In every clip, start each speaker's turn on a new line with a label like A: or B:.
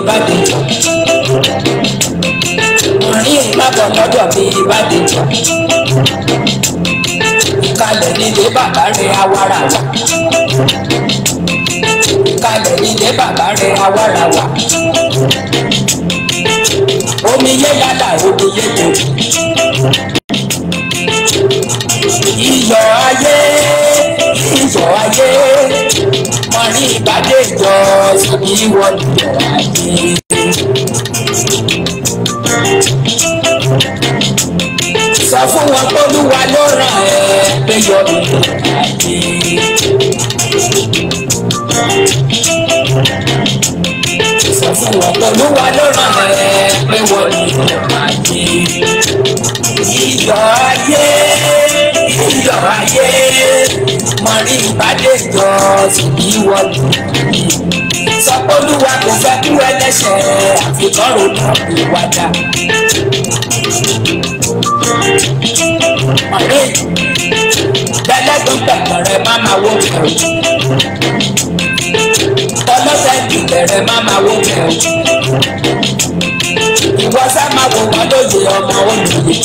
A: ìbàdìjà màáyìn má bọ̀ lọ́dọ̀ mi ìbàdìjà ìkàlẹ̀ nílé bàbá rẹ̀ awara wa ìkàlẹ̀ nílé bàbá rẹ̀ awara wa omi yé yàrá omi yé tòjú iyọ̀ ayé iyọ̀ ayé ní ìpàdé ìjọ síbi wọn bẹ̀rẹ̀ ayé. sọ fún wọn pé olúwa ló ràn ẹ́ pé yọ mí bẹ̀rẹ̀ ayé. sọ fún wọn pé olúwa ló ràn ẹ́ pé wọ́n ní bẹ̀rẹ̀ ayé. ìjọ ayé ìjọ ayé rí ìbádé yọ fìdí wọlé sọpọlúwa kò fẹ́ kí wọ́n lẹ́sẹ̀ àfikọ́rò náà lè wá dá. ọ̀rẹ́ gbẹlẹ́gbẹ́ gbẹ̀gbẹ̀rẹ̀ má máa wó tẹ̀wé tọ́lọ́sẹ̀ gbẹ̀gbẹ̀rẹ̀ má máa wó tẹ̀wé ìwọ sá máa wò wọ́n lóye ọmọ òjòyè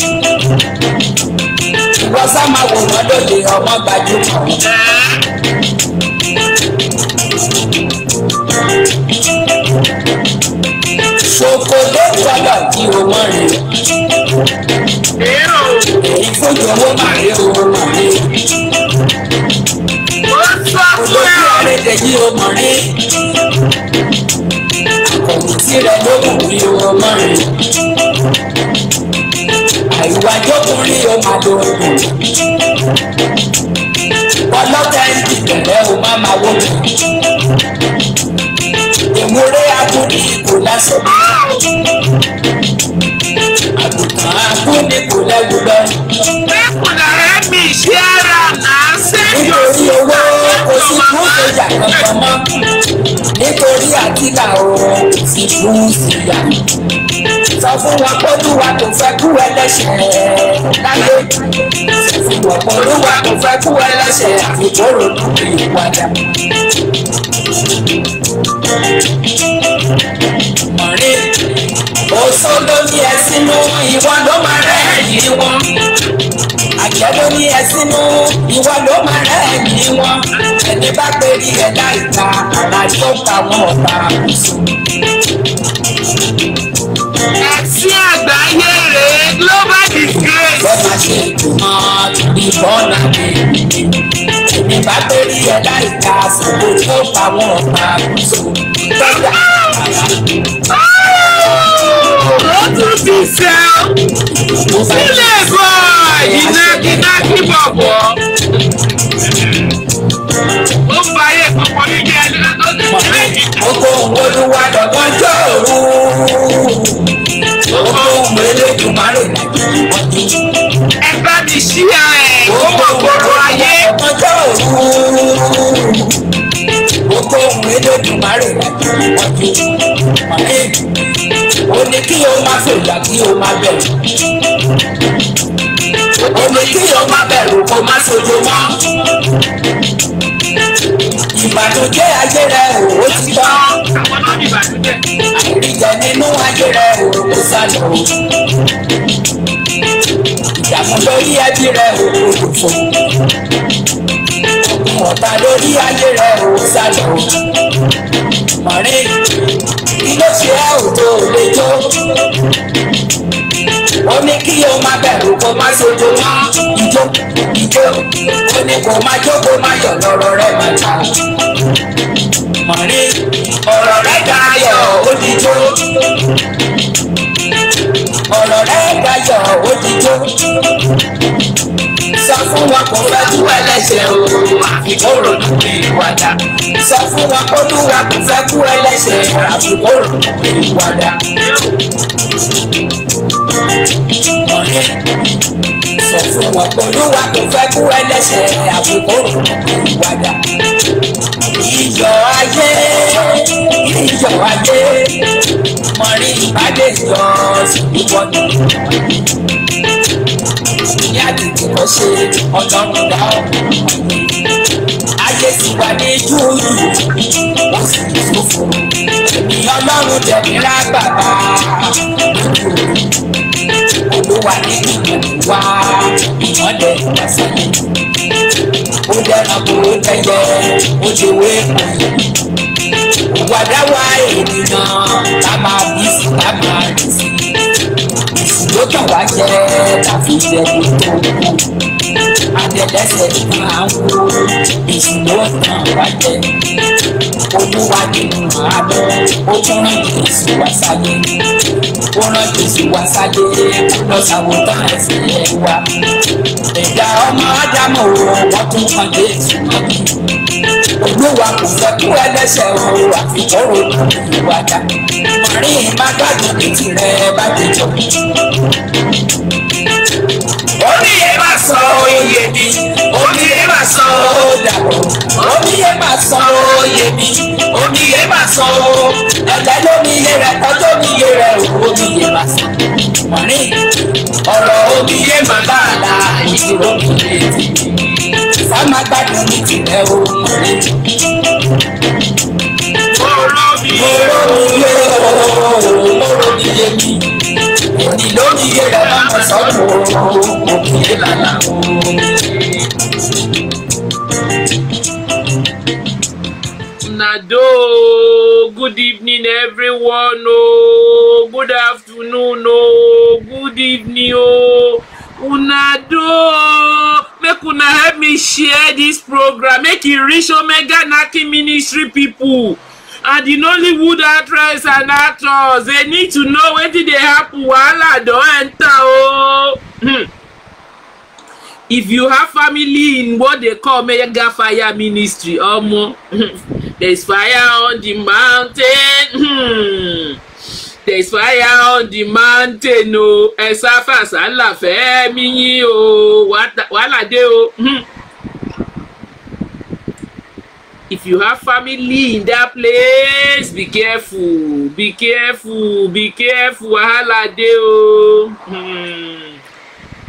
A: wọ́n sá máa wò wọ́n lóde ọmọ gbajúmọ̀. ṣòkò lórí ọlọ́ o mọ̀ rẹ̀. èyí fojú owó màrí owó màrí. olójú ọ̀rẹ́dẹ̀ yìí o mọ̀ rí. àkọ̀tún tirẹ̀ ló wù mí owó mọ̀ rẹ̀ ìwájú kúrí o máa lo òògùn ọlọ́tẹ̀ ń dìbẹ̀rẹ̀ o máa máa wó mi ìmúre agúnni kò lásán àgùntàn agúnni kò lẹ́wù lọ. ẹkùnà rẹ mi ṣe ara náà ṣe yọ sí owó kò sí fún ìjà kankan mọ́ nítorí àkìlà ọ̀rọ̀ ti fún ìyá sọ fún wọn pé olúwa kò fẹ́ kú ẹlẹ́ṣẹ̀ láyé sọ fún wọn pé olúwa kò fẹ́ kú ẹlẹ́ṣẹ̀ àfikòrò lórí ìwádà. ọ̀rẹ́ oṣó ló ní ẹ sínú ìwọ ló máa rẹ̀ yìí wọn àjẹ́ ló ní ẹ ìwọ ló máa rẹ̀ yìí wọn ẹni bá pé rí ẹ láìka àlàyé ó pa wọn ọ̀tá ẹtí àgbáyé rèé global disgrace. bọ́lá ṣe ìtumọ̀ ìbọ̀nà èmi bá bẹ́rí ẹ̀ láìka àsìkò tí ó bá wọn ọ̀pá àkóso. bàbá ó tún ti sẹ́ ọ́ sílẹ̀ bọ̀ ìnákinákí bọ̀ bọ̀ ó ń báyé kọ̀ọ̀kan nígbà ẹni tó ti ṣe é. mo kó olúwa lọ́gbọ́n jọ̀ọ́rù owó ohun eléjò márùn ẹ bá mi sí ẹ kó mọ gbogbo ayé ọjọ́ òru gbogbo ohun elédùnmarè ọdún ó ní kí o má fòyà kí o má bẹ̀rù ó ní kí o má bẹ̀rù kó má sojo mọ́ ìbànújẹ́ ayé rẹ̀ ó ti tán. ìjẹ nínú ayé rẹ̀ ó sálọ. ìdààmú lórí ẹbí rẹ̀ ó dòfò. ọ̀tá lórí ayé rẹ̀ ó sálọ. mọ̀rin ilé ṣe ẹ́ òjò lè jó. ó ní kí o máa bẹ̀rù kó má sojo ijó ijó ó ní kó má jó kó má yọ̀ lọ́rọ̀ rẹ̀ máa ta mọ̀lẹ́ ọ̀rọ̀ rẹ̀ dayọ̀ òdìjọ́ ọ̀rọ̀ rẹ̀ dayọ̀ òdìjọ́ sọ fún wọn kò fẹ́jú ẹlẹ́ṣẹ̀ o àfikòrò lórí ìwádà sọ fún wọn kó lúwa kò fẹ́jú ẹlẹ́ṣẹ̀ àfikòrò lórí ìwádà sọ fún wọn olúwa kò fẹ́ kú ẹlẹ́sẹ̀ àfikún wàdà. ìjọ ayé ìjọ ayé mọ̀rí ìpàdé ìjọ ìwọ ni. ìní àdìgbò kò ṣe ọlọ́run dá ọ. ayé ti wà ní júùrù wọ́n sì ń fún un ọlọ́run tẹ̀mí lágbàbá olúwa ní ìlú wa ìmọ̀lẹ̀ ìdásẹ́ ó dẹ́nà kó tẹ́yẹ ó ti wé pẹ̀lú ìwà dáwà ènìyàn ká máa bí sí ká máa rìn sí ló kàn wá jẹ tàbí jẹ gbogbo àtẹlẹsẹ máa ń wò èsì ló kàn wá jẹ olúwa ni màá lọ ó tún rán jésù wá sáyé ó rán jésù wá sáyé lọ́sàwọ́ tá à ń wá ẹ̀dá ọmọ ádámù wọ́n tún kan jésù mọ́bí ló wà kò fẹ́ kí ẹlẹ́sẹ̀ òun àfijọ́rò ìwà dà rí má gbádùn bí tirẹ̀ bá tẹ̀jọ́. oníyẹ má sọ oyè mi oníyẹ má sọ dàpọ̀ oníyẹ má sọ oyè mi oníyẹ má sọ ẹ̀dá lómiye rẹ̀ tọ́jú omiye rẹ̀ omiye má sọ mọ̀rí ọ̀rọ̀ omiye má bá a la ìṣòro mi lè ti. Ifá máa gbádùn ní tìlẹ̀ o. Mọ̀rọ̀ mi yé mọ̀rọ̀ mi yé mi. Èmi ló mi yé lọ́la mọ̀ sọ́nù òkèlè lálá o.
B: Nado, good evening everyone. Oh, good afternoon. Oh, good evening. Oh, Unado make una help me share this program make e reach omega naki ministry people. and di nollywood actress and actors They need to know wetin dey happen wahala don enta o oh. hmm. if you have family in what they call mega fire ministry omo hmm, there is fire on the mountain hmm. There's fire on the mountain o ẹ sá fàsálà fẹ́ mí yín o wàhálà dé o. Hmm. If you have family in that place be careful be careful be careful wahala dey o. Hmm.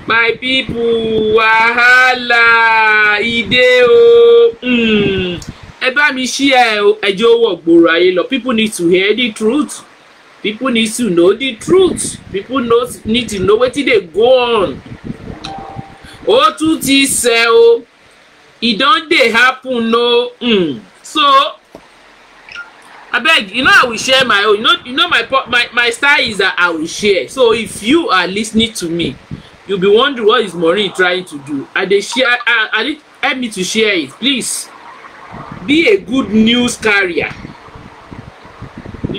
B: My people wahala e dey o. Hmm. Ẹ bá mi ṣí ẹ ẹjọ́ wọ̀ gbòòrò ayé lọ people need to hear the truth people need to know the truth people know, need to know wetin dey go on ó tún ti sẹ o e don dey happen no mm. so abeg you know i will share my own you know, you know my, my my style is that i will share so if you are lis ten ing to me you be wondering what is maureen trying to do i dey share i i need help me to share it please be a good news carrier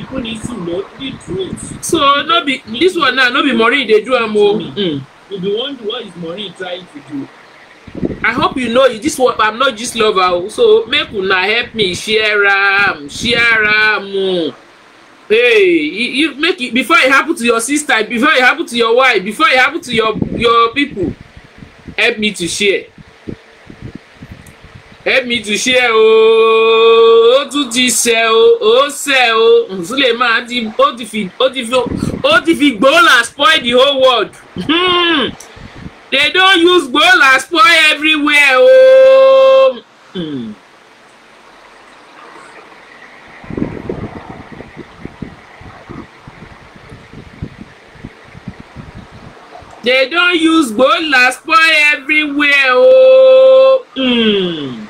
C: people need to know
B: the truth. so no be this one now no be maureen They do am more. Mm. you be wonder what is maureen trying to do. i hope you know this one i'm not just lover so make you una help me share am share am hey you make it before it happen to your sister before it happen to your wife before it happen to your your people help me to share ẹ̀mí tún ṣe o ó tún ti ṣe o ó ṣe o Suleman ti ó ti fi ó ti fi ó ti fi gbola spoil the whole world hmm. they don use gbola spoil everywhere o. Hmm. they don use gbola spoil everywhere o. Oh. Mm.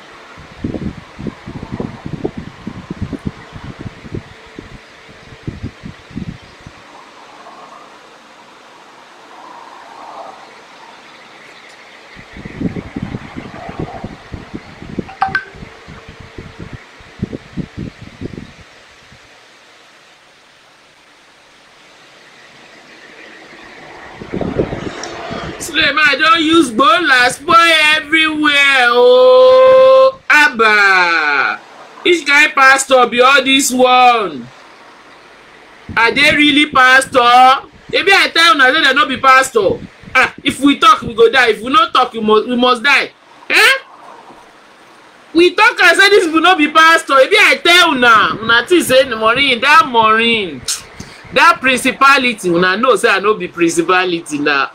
B: I don't use gbola spoil everywhere oh, abba! which guy, pastor be all this one are they really pastor maybe i tell una say dem not be pastor ah if we talk we go die if we not talk we must we must die eh we talk and say this will not be pastor maybe i tell now. una think say maureen That maureen That principality una know say i no be principality now.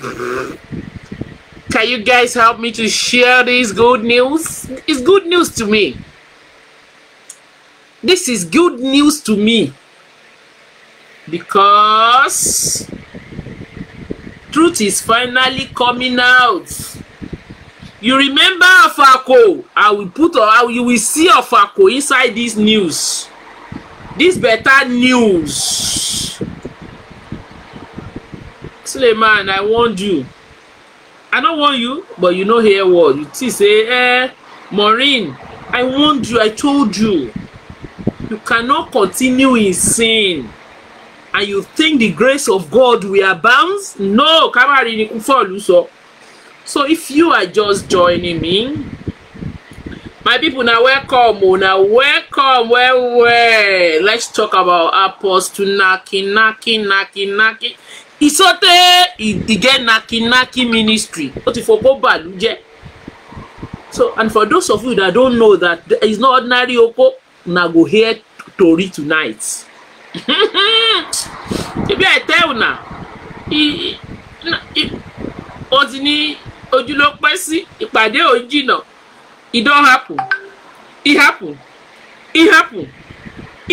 A: Can
B: you guys help me to share this good news? It's good news to me. This is good news to me. Because truth is finally coming out. You remember Afako? I will put you will see Afako inside this news. This better news. suleiman i warned you i don't want you but you no hear what you see. say eh maureen i warned you i told you you cannot continue in sin and you think the grace of god will abound no kamari you kufolu so so if you are just joining me my people now welcome oh, now welcome well well let's talk about apostle naki naki naki naki ìsọtẹ ìdìgẹ nakinaki ministry ó ti fọ bó bàlú jẹ so and for those of you that don't know that it's not ordinary oko una go hear tori tonight ebi i tell una o ti ní ojú ló pẹ́ sí ìpàdé ò jìnnà e don happen e happen e happen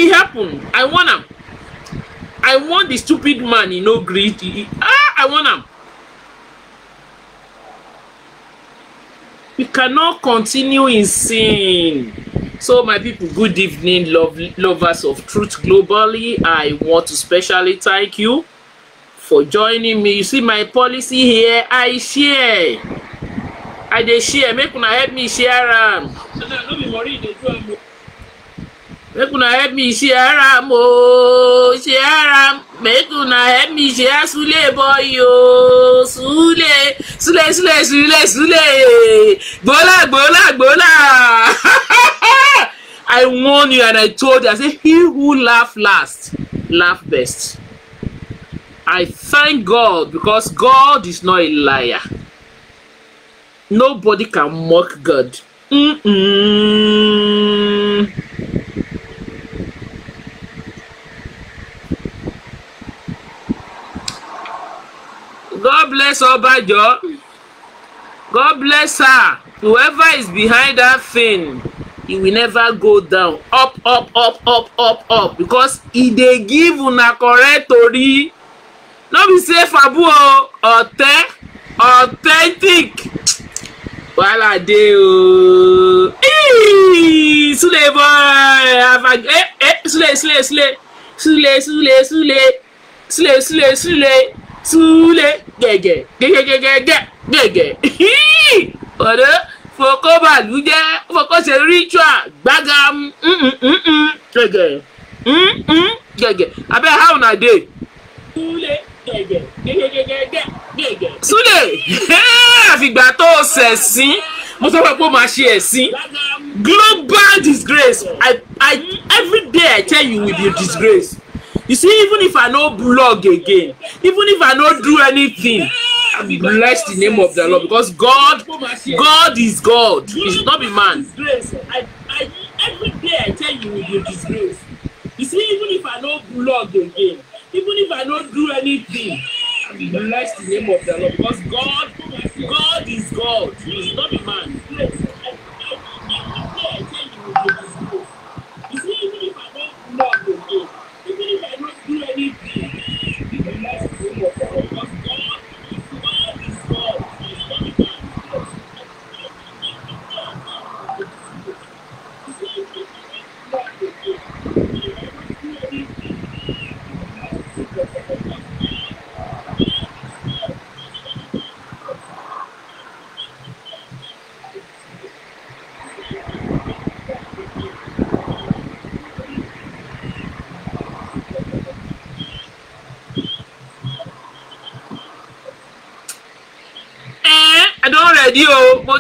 B: e happen i wan am i want the stupid man he no gree ah i want am we cannot continue in sin so my people good evening love lovers of truth globally i want to specially thank you for joining me you see my policy here i share i dey share make una help me share am. no be worry you dey do am o make una help me share am ooo share am make una help me share sule boy ooo sule sule sule sule sule gbola gbola gbola i warn you and i told you i say he who laugh last laugh best i thank god because god is not a liar nobody can mock god.
A: Mm-mm.
B: God bless Obajo. God bless her. Whoever is behind that thing, he will never go down. Up, up, up, up, up, up. Because he dey give una correct tori. No be say Fabu o, ọ̀tẹ́, authentic. Wàhálà dé o. Sule boy, Have eh, eh, Sule, Sule, Sule, Sule, Sule, Sule, Sule, Sule, Sule súlẹ̀ gẹ̀gẹ̀ gẹ̀gẹ̀gẹ̀gẹ̀ gẹ̀gẹ̀ ọ̀dọ́ fòkó bàlú jẹ́ fòkó ṣe ritual gbága gẹ̀gẹ̀ mm, mm, mm, gẹ̀gẹ̀ abẹ́ how na dey. súlẹ̀ gẹ̀gẹ̀ gẹ̀gẹ̀gẹ̀gẹ̀ gẹ̀gẹ̀. súlẹ̀ àfìgbà tó ṣẹ̀sìn mo sọ pé kó máa ṣe ẹ̀sìn global disgrace I, I, every day I tell you with your disgrace. You see, even if I no blog again, even if I no do anything, bless the name of the Lord because God, God is God. He's not a man.
A: I, I, every
B: day I tell you with your disgrace. You see, even if I no blog again, even if I no do anything, bless the name of the Lord because God, God
A: is God. He's not a man.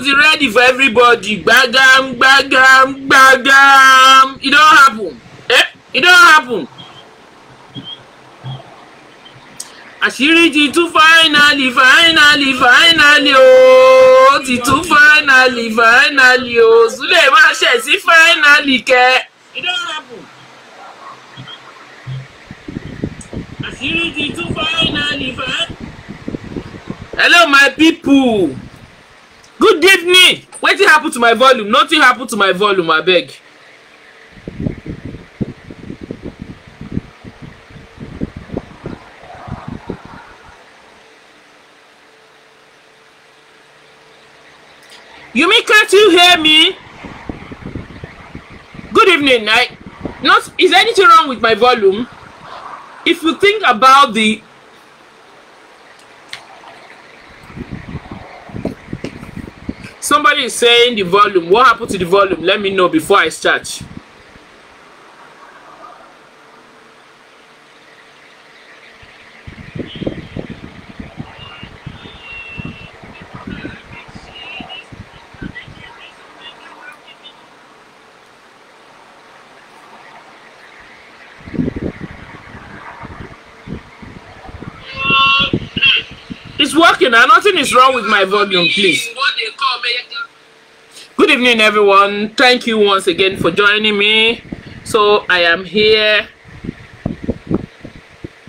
B: ti ready for everybody Bagam, bagam, bagam. It don't happen eh It don't happen. àṣírí ti tú finally finally finally ooo ti tú finally finally ooo Sule má ṣe sí finally kẹ.
A: e don happen.
B: àṣírí ti tú finally finally. hello my people. good evening wetin happen to my volume nothing happened to my volume I beg. you mean can't you hear me good evening night. not is anything wrong with my volume if you think about the Somebody is saying the volume. What happened to the volume? Let me know before I start. working now. Nothing is wrong with my volume, please. Good evening, everyone. Thank you once again for joining me. So I am here.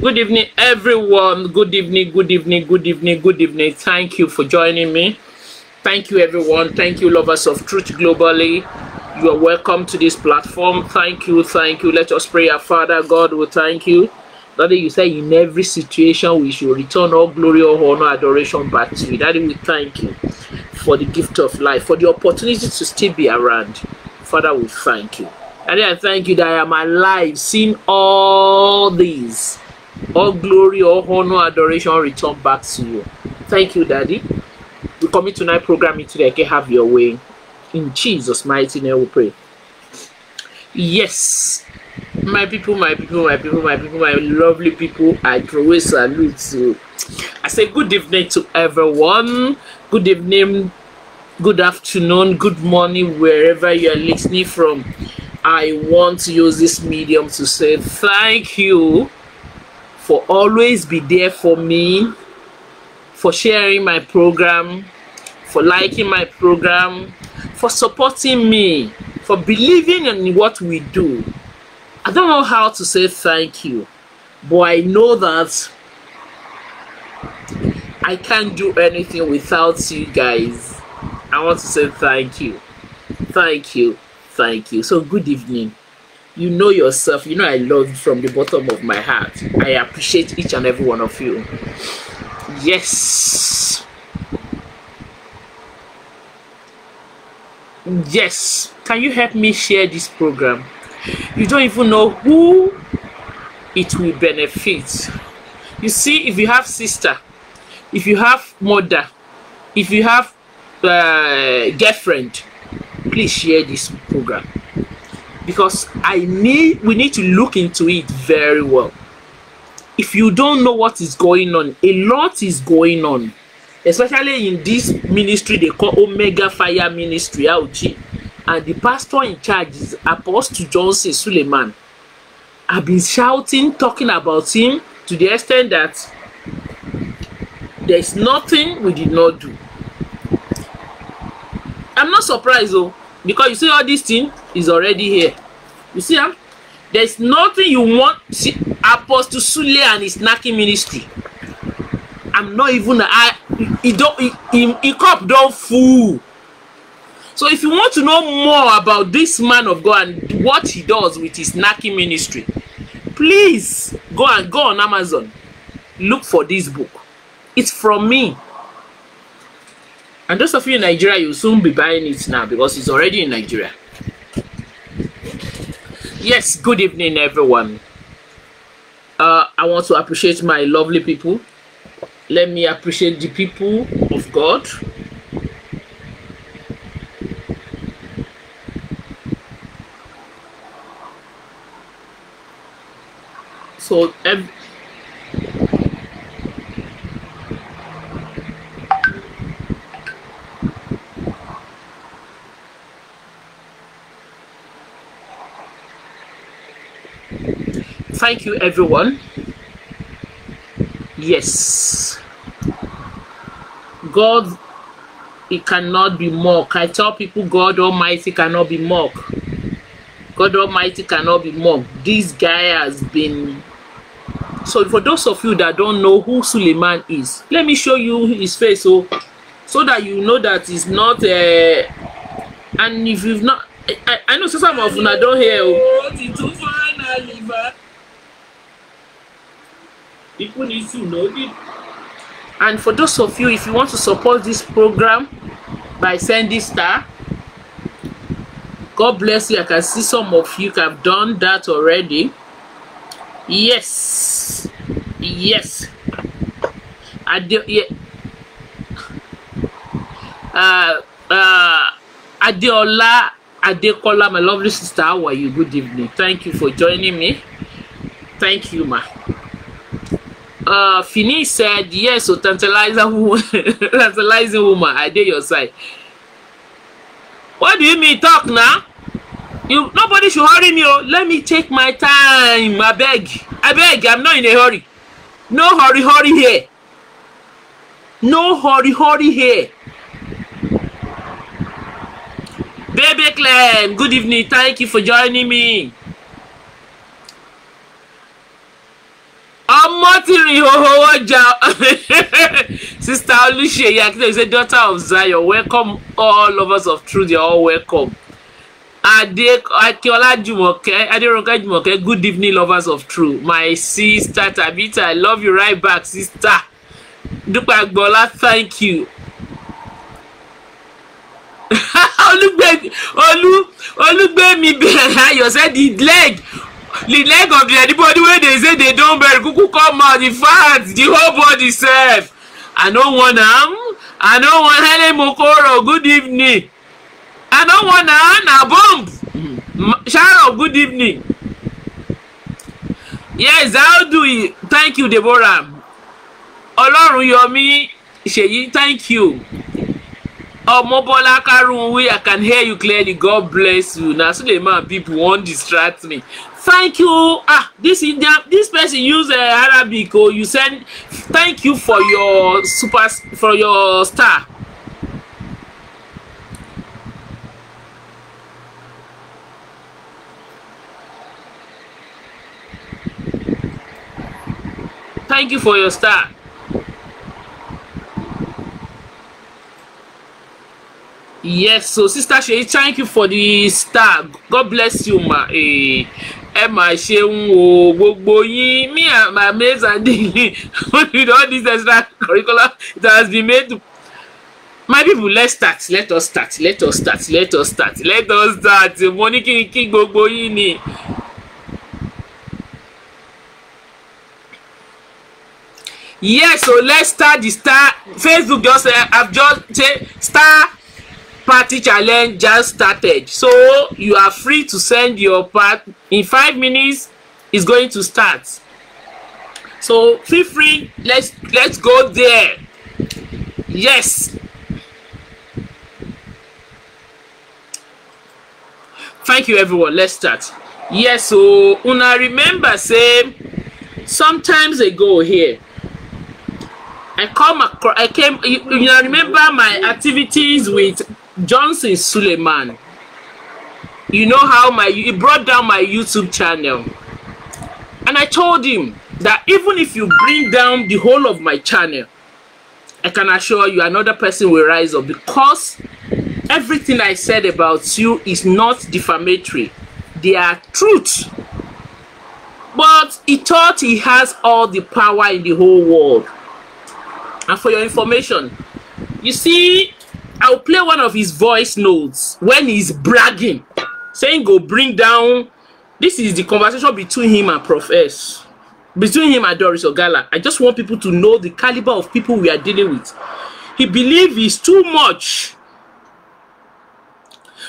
B: Good evening, everyone. Good evening, good evening, good evening, good evening. Thank you for joining me. Thank you, everyone. Thank you, lovers of truth globally. You are welcome to this platform. Thank you, thank you. Let us pray our Father God will thank you. Daddy, you say in every situation we should return all glory, all honor, adoration back to you. Daddy, we thank you for the gift of life, for the opportunity to still be around. Father, we thank you. Daddy, I thank you that I am alive, seeing all these. All glory, all honor, adoration return back to you. Thank you, Daddy. We commit tonight programming today. I can have your way. In Jesus' mighty name we pray. Yes, my people my people my people my people my lovely people i always salute you. i say good evening to everyone good evening good afternoon good morning wherever you're listening from i want to use this medium to say thank you for always be there for me for sharing my program for liking my program for supporting me for believing in what we do I don't know how to say thank you, but I know that I can't do anything without you guys. I want to say thank you. Thank you. Thank you. So, good evening. You know yourself. You know I love from the bottom of my heart. I appreciate each and every one of you. Yes. Yes. Can you help me share this program? you don't even know who it will benefit. You see, if you have sister, if you have mother, if you have uh, girlfriend, please share this program because I need we need to look into it very well. If you don't know what is going on, a lot is going on, especially in this ministry they call Omega Fire Ministry, OG and the pastor in charge is Apostle Johnson Suleiman have been shouting, talking about him to the extent that there is nothing we did not do. I'm not surprised though, because you see all this thing is already here. You see, huh? there is nothing you want. See, Apostle Sule and his knacking ministry. I'm not even I. He don't. He, he, he cup don't fool. So if you want to know more about this man of God and what he does with his Naki ministry, please go and go on Amazon. Look for this book. It's from me. And those of you in Nigeria, you'll soon be buying it now because it's already in Nigeria. Yes, good evening, everyone. Uh, I want to appreciate my lovely people. Let me appreciate the people of God So, thank you everyone yes god it cannot be mocked i tell people god almighty cannot be mocked god almighty cannot be mocked this guy has been so for those of you that don't know who Suleiman is let me show you his face so oh. so that you know that he's not uh, and if you've not I, I know some of una don hear o. Oh. people And for those of you, if you want to support this program by sending star, God bless you. I can see some of you have done that already yes yes ade ye uh, uh, Adeola Adekola my lovely sister how are you good evening thank you for joining me thank you ma uh, Fini said yes so tantalizing woman tantalizing woman I dey your side what do you mean talk now you nobody should hurry me oh! let me take my time abeg abeg i'm not in a hurry no hurry hurry here no hurry hurry here baby clem good evening thank you for joining me ọmọ tí rìn hoho ọjà sister olùṣeyẹ akíntóye say daughter of zion welcome all lovers of truth you are all welcome. Ade Akiola Jumoke Aderonke Jumoke good evening lovers of true my sister Tabitha I love you right back sister Dúpẹ́ Agboola thank you Olugbe Olu Olugbemi You said the leg the leg of the anybody wey dey say dey don bury kuku come out the fat the whole body serve. I no wan am um, I no wan Hele Mokoro good evening anan wannan na bomb Shara, good evening yes how do you thank you deborah ọlọ́run yọmí ṣèyí thank you ọmọbọlá karunwi i can hear you clearly god bless you na man people wan distract me thank you ah this India, this person use uh, arabic oh, you send thank you for your super for your star Thank you for your star. Yes, so Sister Sheyi, thank you for the star. God bless you, ma. Eh, ẹ mà ṣeun o gbogbo yín me and my mates and the with all this extra curriculum that has been made my people let's start let us start let us start let us start let us start mo king kí gbogbo yín ni yes so let's start the star facebook just uh, have just say star party challenge just started so you are free to send your part in five minutes it's going to start so feel free let's let's go there yes thank you everyone let's start yes so una remember say sometimes ago here I come across, I came, you, you know, remember my activities with Johnson Suleiman. You know how my, he brought down my YouTube channel. And I told him that even if you bring down the whole of my channel, I can assure you another person will rise up because everything I said about you is not defamatory. They are truth. But he thought he has all the power in the whole world. and for your information you see I'll play one of his voice notes when he's bragging saying go bring down this is the conversation between him and prof s between him and doris ogala i just want people to know the caliber of people we are dealing with he believe is too much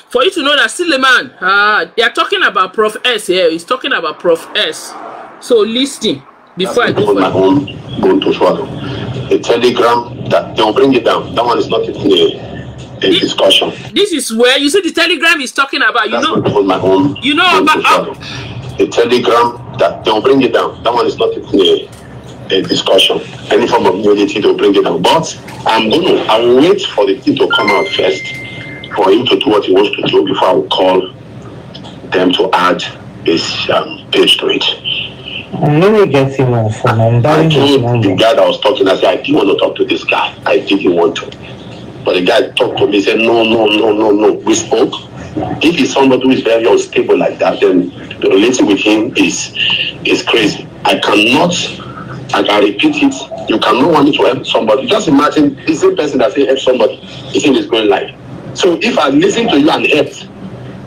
B: for you to know that Suleiman, uh, ah, they are talking about Prof S here. He's talking about Prof S.
D: So listen before I go for going to swallow. a telegram that they'll bring it down. That one is not in the, a this, discussion.
B: This is where you see the telegram is talking about. You That's
D: know, my own you know about uh, a telegram that they'll bring it down. That one is not in the a discussion, any form of unity to bring it down. But I'm going to I will wait for the thing to come out first, for him to do what he wants to do before I will call them to add this um, page to it. Let me get him on phone. I'm I told the guy that was talking, I said, I didn't want to talk to this guy. I didn't want to. But the guy talked to me, said, no, no, no, no, no. We spoke. If he's somebody who is very unstable like that, then the relationship with him is is crazy. I cannot, I can repeat it. You cannot want me to help somebody. Just imagine the same person that say help somebody is in his own life. So if I listen to you and help,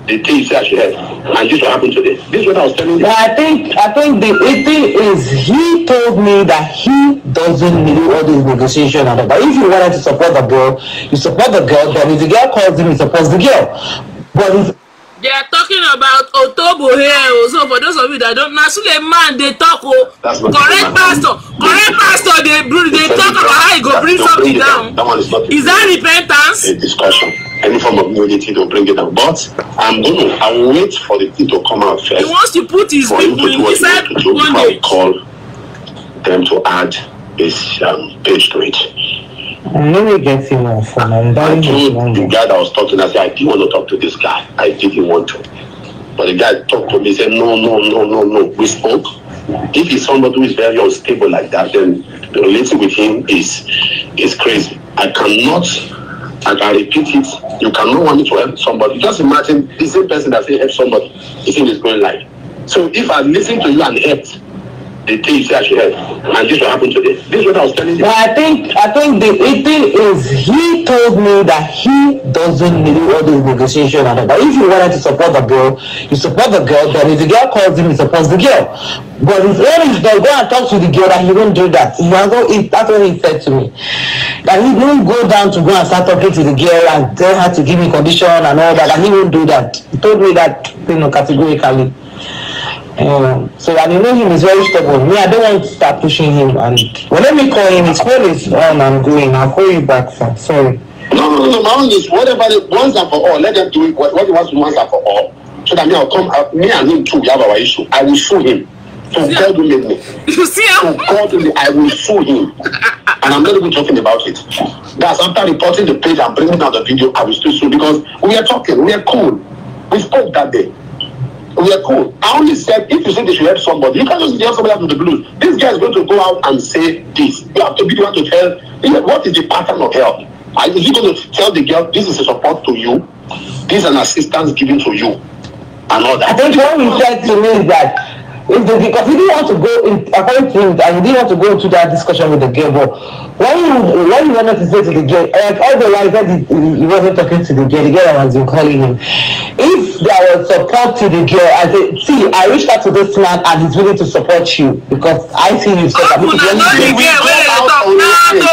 D: the things that she had. And this will happen today. This is what I was telling you.
E: I think I think the thing is he told me that he doesn't do all this negotiation and all that. If you wanted to support the girl, you support the girl, but if the girl calls him, he supports the girl. But if
A: they are talking about Otobo
B: here oh. so for those of you that don't know man they talk oh correct pastor correct
D: pastor they
A: they talk about how he go bring something down
D: is that repentance? A discussion. any form of negativity to bring it down. But I'm going to I'll wait for the thing to come out first. He wants to put his people inside to do before I call them to add this um, page to it. Let me get him on phone. And I told the guy that was talking, I said, I didn't want to talk to this guy. I didn't want to. But the guy talked to me, said, no, no, no, no, no. We spoke. If he's somebody who is very unstable like that, then the relationship with him is is crazy. I cannot and I repeat it, you cannot want it to help somebody. Just imagine the same person that say help somebody is in his going life. So if I listen to you and helped, the things that she has. And this will happen today. This is what I was telling you.
E: Well, I think I think the thing is he told me that he doesn't need all this negotiation and all that. If you wanted to support the girl, you support the girl, then if the girl calls him, he supports the girl. But if when he's done, go and talk to the girl that he won't do that. He has no, he, that's what he said to me. That he won't go down to go and start talking to the girl and tell her to give me condition and all that. And he won't do that. He told me that, you know, categorically. Um, so and you know him is very stubborn. Me, I don't want to start pushing him. And
D: well, let me call him. His phone is on. I'm going. I'll call you back. Sir. Sorry. No, no, no. My own is whatever it once and for all. Let them do it. What, what he wants once and for all. So that me, I'll come. I'll, me and him too. We have our issue. I will sue him. To yeah. God only me. You see him? To God only. I will sue him. and I'm not even talking about it. That's after reporting the page and bringing out the video. I will still sue because we are talking. We are cool. We spoke that day we are cool. I only said if you say they should help somebody, you can't just help somebody out of the blues. This guy is going to go out and say this. You have to be the one to tell you know, what is the pattern of help. Are you going to tell the girl this is a support to you, this is an assistance given to you, and all that? I think what you said to me is that if because he didn't want to go in, according to him, and he didn't want to go into
E: that discussion with the girl. But did he, when he wanted to say to the girl, And all the while that he, he wasn't talking to the girl, the girl was been calling him. If there was support to the girl, I said, see, I reached out to this man and he's willing to support you because I see you not Because when you go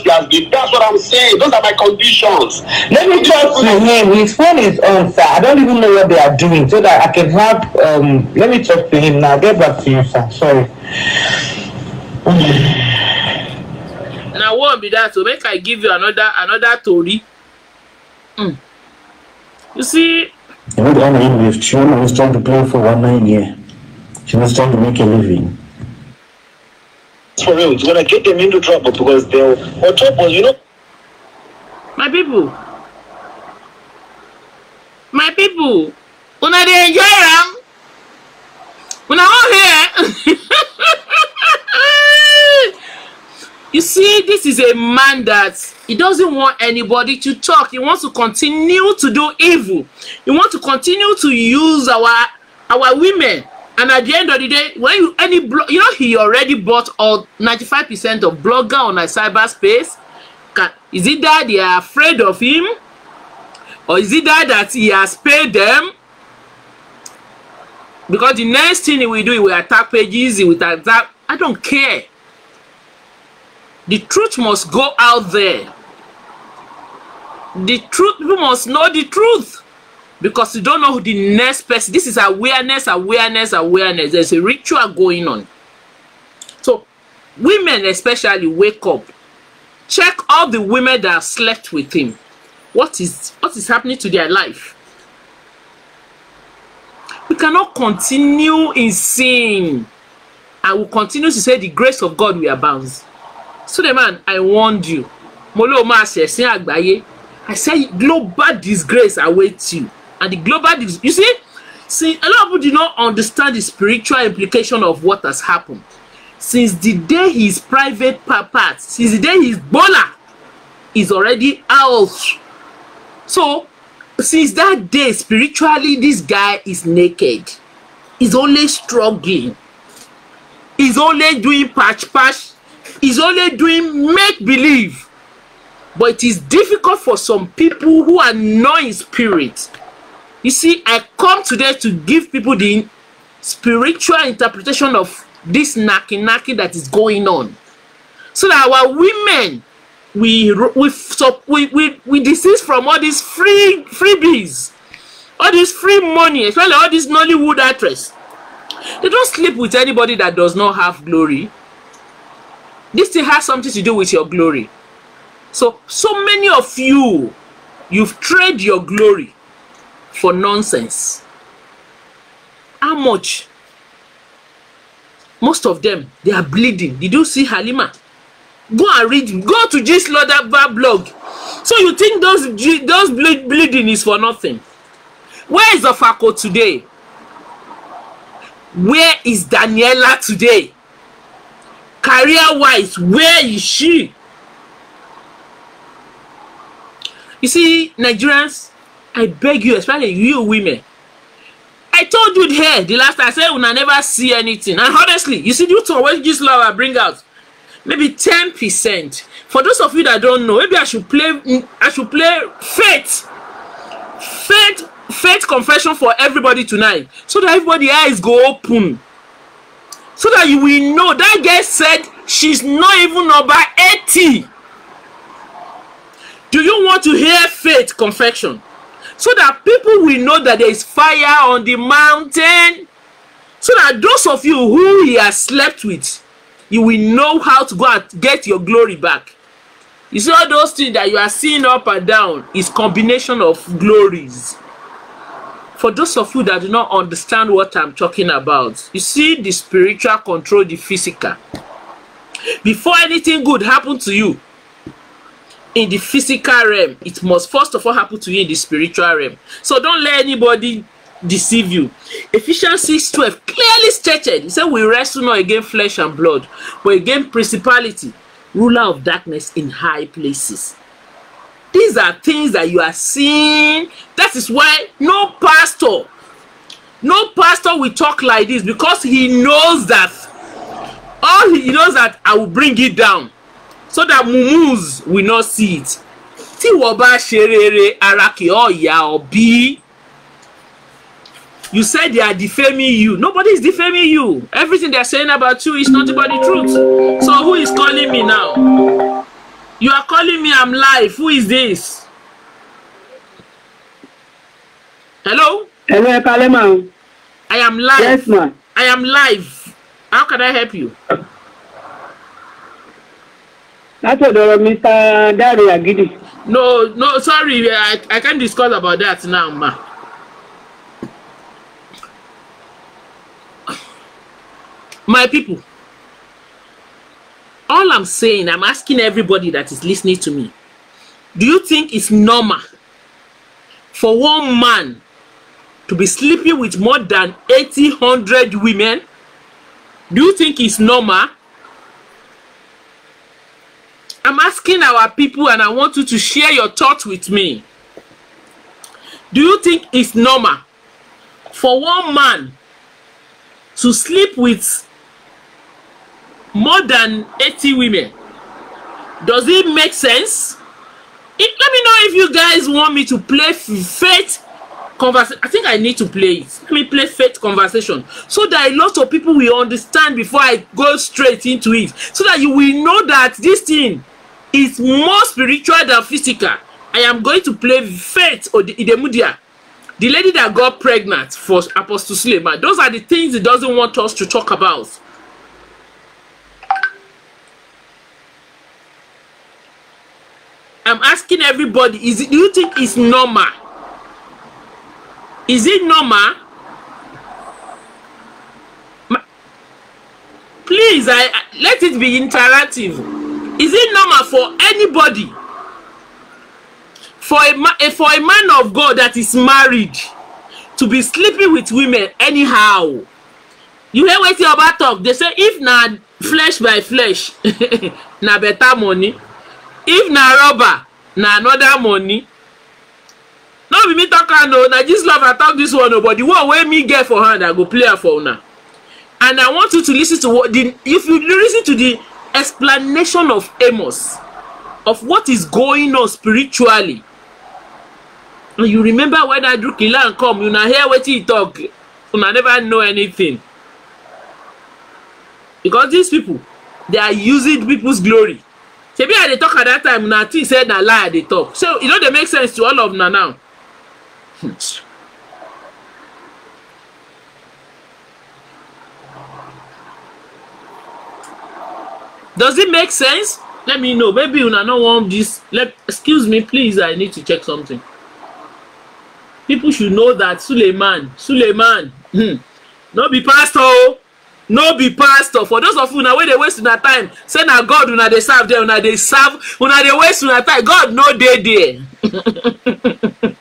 E: that's what I'm saying. Those are my conditions. Let me talk to him. His phone is on, sir. I don't even know what they are doing, so that I can have. Um, let me talk to him. Now get back to you, sir. Sorry.
B: now what be that? So make I give you another another story. Mm. You see.
E: the only in She only was trying to play for one nine year. She was trying to make a living. For real, it's gonna get them into trouble because they're on top of you know. My people. My people.
B: Una dey enjoy them. When I'm was here, you see, this is a man that he doesn't want anybody to talk. He wants to continue to do evil. He wants to continue to use our our women. And at the end of the day, when you any blog, you know, he already bought all 95% of blogger on a cyberspace. is it that they are afraid of him? Or is it that, that he has paid them? because the next thing we do we attack pages we that. i don't care the truth must go out there the truth we must know the truth because you don't know the next person this is awareness awareness awareness there's a ritual going on so women especially wake up check all the women that have slept with him what is what is happening to their life We cannot continue in sin. I will continue to say the grace of God will abound. So the man, I warned you. Mo ló I said global disgrace awaits you. And the global dis you see, see a lot of people do not understand the spiritual implication of what has happened. Since the day his private part, since the day his bola is already out. So since that day spiritually this guy is naked he's only struggling he's only doing patch patch he's only doing make believe but it is difficult for some people who are not in spirit you see i come today to give people the spiritual interpretation of this knacking knacking that is going on so that our women we we so we we we desist from all these free freebies all this free money especially all these nollywood actress they don't sleep with anybody that does not have glory this thing has something to do with your glory so so many of you you've traded your glory for nonsense how much most of them they are bleeding did you see halima go and read go to Lord Abba blog so you think those those ble bleeding is for nothing where is ofako today where is daniela today career wise where is she you see nigerians i beg you especially you women i told you here the last time i say una never see anything and honestly you see you two wey gist lover bring out maybe ten percent for those of you that don't know maybe i should play i should play faith faith faith confession for everybody tonight so that everybody eyes go open so that you will know that girl said she's not even number eighty do you want to hear faith confession so that people will know that there is fire on the mountain so that those of you who he has slept with you will know how to go and get your glory back you see all those things that you are seeing up and down is combination of glories for those of you that do not understand what i'm talking about you see the spiritual control the physical before anything good happen to you in the physical realm it must first of all happen to you in the spiritual realm so don't let anybody deceive you. Ephesians 6 12 clearly stated, he said, We wrestle not against flesh and blood, but against principality, ruler of darkness in high places. These are things that you are seeing. That is why no pastor, no pastor will talk like this because he knows that all he knows that I will bring it down so that mumus will not see it. Tí wọ́n bá ṣe rere You said they are defaming you. Nobody is defaming you. Everything they are saying about you is not about the truth. So who is calling me now? You are calling me, I'm live. Who is this? Hello?
A: Hello, Ekale
B: I am live. Yes, ma'am. I am live. How can I help you? That's what Mr. Dari Agidi. No, no, sorry. I, I can't discuss about that now, ma. My people, all I'm saying, I'm asking everybody that is listening to me, do you think it's normal for one man to be sleeping with more than 800 women? Do you think it's normal? I'm asking our people and I want you to share your thoughts with me. Do you think it's normal for one man to sleep with more than 80 women. Does it make sense? It, let me know if you guys want me to play faith conversation. I think I need to play it. Let me play faith conversation so that a lot of people will understand before I go straight into it. So that you will know that this thing is more spiritual than physical. I am going to play faith or the Idemudia. The lady that got pregnant for Apostle Suleiman. Those are the things he doesn't want us to talk about. I'm asking everybody, is it, do you think it's normal? Is it normal? Ma Please, I, I, let it be interactive. Is it normal for anybody? For a, eh, for a man of God that is married to be sleeping with women anyhow? You hear what your talk? They say if not flesh by flesh, na better money if na rubber na another money no be me talk am o na dis lover talk this one o but the one wey me get for hand i go play am for una and i want you to listen to what the if you listen to the explanation of amos of what is going on spiritually and you remember when adrukilan come una hear wetin he talk una never know anything because these people they are using people's glory shebi i dey talk at that time na think say na lie i dey talk so e no dey make sense to all of una now does it make sense let me know maybe una no wan this let excuse me please i need to check something people should know that suleiman suleiman hmm, no be pastor o no be pastor for those of una wey dey waste una time say na god una dey serve there una dey serve una dey waste una time god no dey there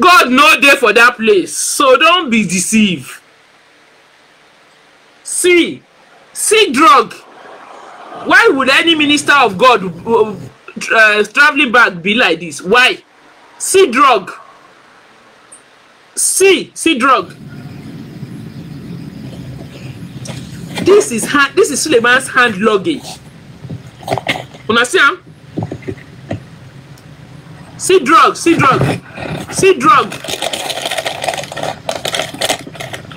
B: god no dey for that place so don be deceived see see drug why would any minister of god uh, traveling back be like this why see drug see see drug this is hand this is Suleiman's hand luggage una see am see drug see drug see drug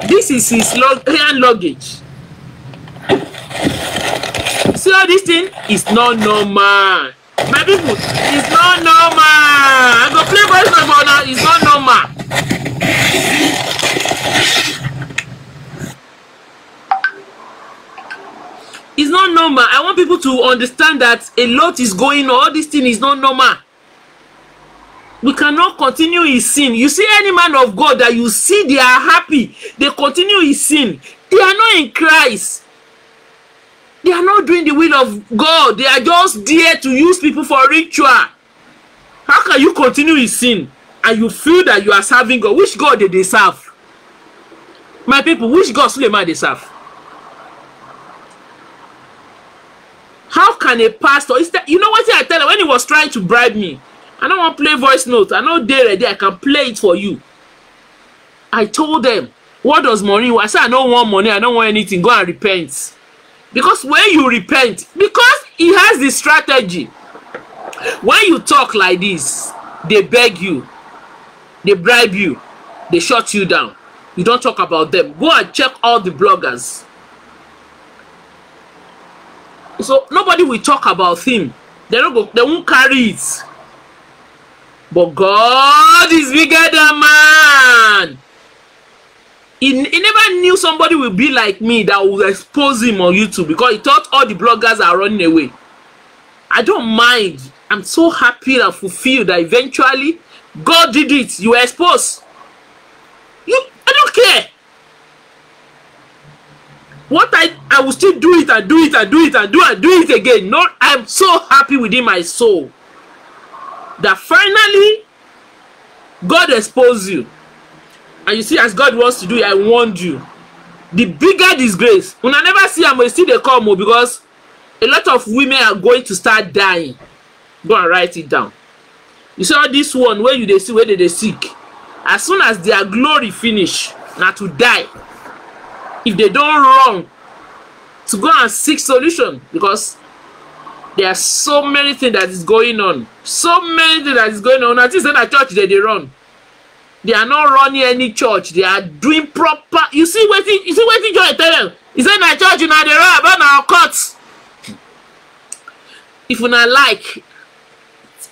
B: this is his hand luggage see all this thing is not normal my people it's not normal i go play voice note for una it's not normal. it's not normal i want people to understand that a lot is going on all this thing is not normal we cannot continue in sin you see any man of god that you see they are happy they continue in sin they are not in christ they are not doing the will of god they are just there to use people for ritual how can you continue in sin and you feel that you are serving god which god dey they serve my people which god suleiman dey serve how can a pastor you know wetin i tell him when he was trying to bribe me i no wan play voice note i no dey ready i can play it for you i told them, what does money i say i no want money i no want anything go and repent because when you repent because he has the strategy when you talk like this they beg you they bribe you they shut you down you don talk about them go and check all the bloggers so nobody will talk about him they no go they won carry it but god is bigger than man he, he never knew somebody will be like me that will expose him on youtube because he thought all the bloggers are running away i don't mind i'm so happy and fulfilled that eventually god did it you were exposed you i don't care what I I will still do it and do it and do it and do and do it again. No, I'm so happy within my soul that finally God exposed you. And you see, as God wants to do it, I warned you. The bigger disgrace, una never see am still they come o oh, because a lot of women are going to start dying. Go and write it down. You see all this one where you they see where they they seek. as soon as their glory finish now to die if they don't run to go and seek solution because there are so many things that is going on so many things that is going on na think say na church they dey run they are not running any church they are doing proper you see what you see what you tell them he say na church una dey run about na court if not like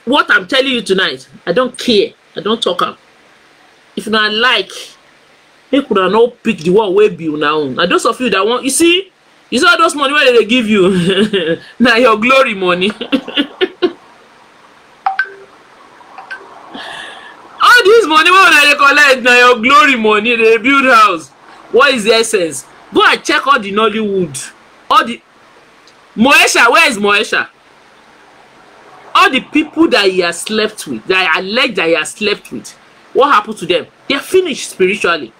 B: what i'm telling you tonight i don't care i don't talk up. if you not like make una no pick the one wey be una own na those of you that wan you see you see all those money wey dem dey give you na your glory money all this money wey una dey collect na your glory money dey build house what is the essence go and check all the nollywood all the moesha where is moesha all the people that he has slept with that i allege that he has slept with what happened to them they are finished spiritually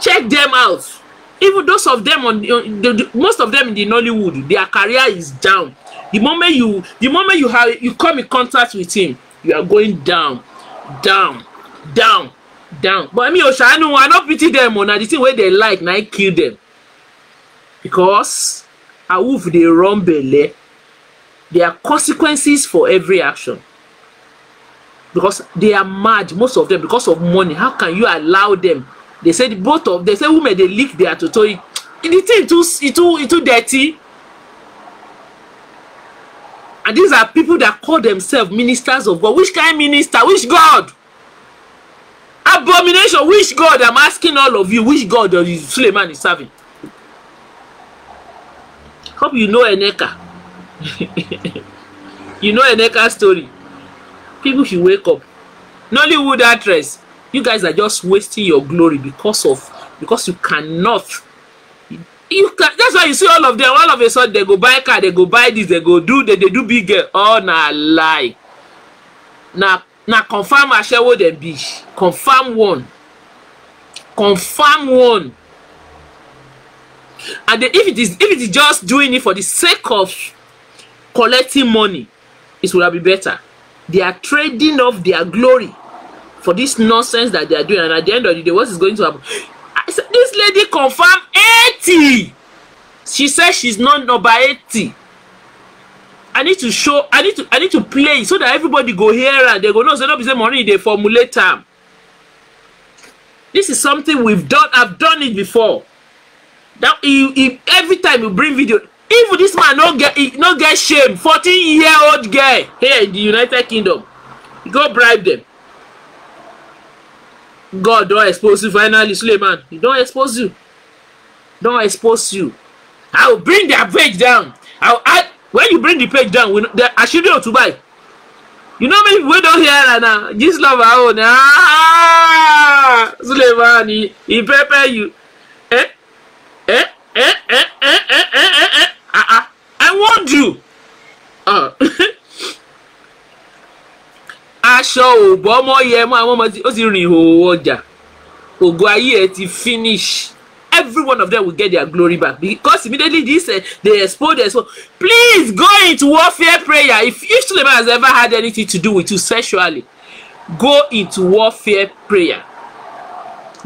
B: check them out even those of them on the, the, most of them in the Nollywood their career is down the moment you the moment you have you come in contact with him you are going down down down down but me oṣaanu i no pity them on. Oh, na the thing wey they like na I kill them because I awoof dey run belly. there are consequences for every action because they are mad most of them because of money how can you allow them they said both of they say women dey lick their toto the thing too e too e too dirty and these are people that call themselves ministers of God which kind minister which God abomination which God I'm asking all of you which God is Suleiman is serving hope you know Eneka you know Eneka story people should wake up Nollywood actress you guys are just wasting your glory because of because you cannot you can that's why you see all of them all of a sudden they go buy car they go buy this they go do they they do big girl all oh, na lie na na confam asewo dem be confirm one confirm one and then if it is if it is just doing it for the sake of collecting money it would have been better they are trading off their glory for this nonsense that they are doing and at the end of the day what is going to happen I said, this lady confirmed 80 she said she's not number 80 I need to show I need to I need to play so that everybody go hear and they go no say no be say money dey formulate am this is something we've done I've done it before that he, he every time you bring video even this man no get no get shame 14 year old girl here in the United Kingdom go bribe them God don expose you finally Suleiman he don expose you don expose you I will bring their page down I will add when you bring the page down we the ashiri otubai you know many people wey don hear her now This love our own ah Suleiman he, he pepper you eh eh eh eh eh eh eh eh ah ah I warned you. Uh. aṣọ òbọ ọmọ yẹ mọ àwọn ọmọ ó ti rìn ìhòòhò ọjà ògo ayé ẹ ti finish every one of them will get their glory back because immediately this uh, they expo So please go into warfare prayer if if Suleiman has ever had anything to do with you sexually go into warfare prayer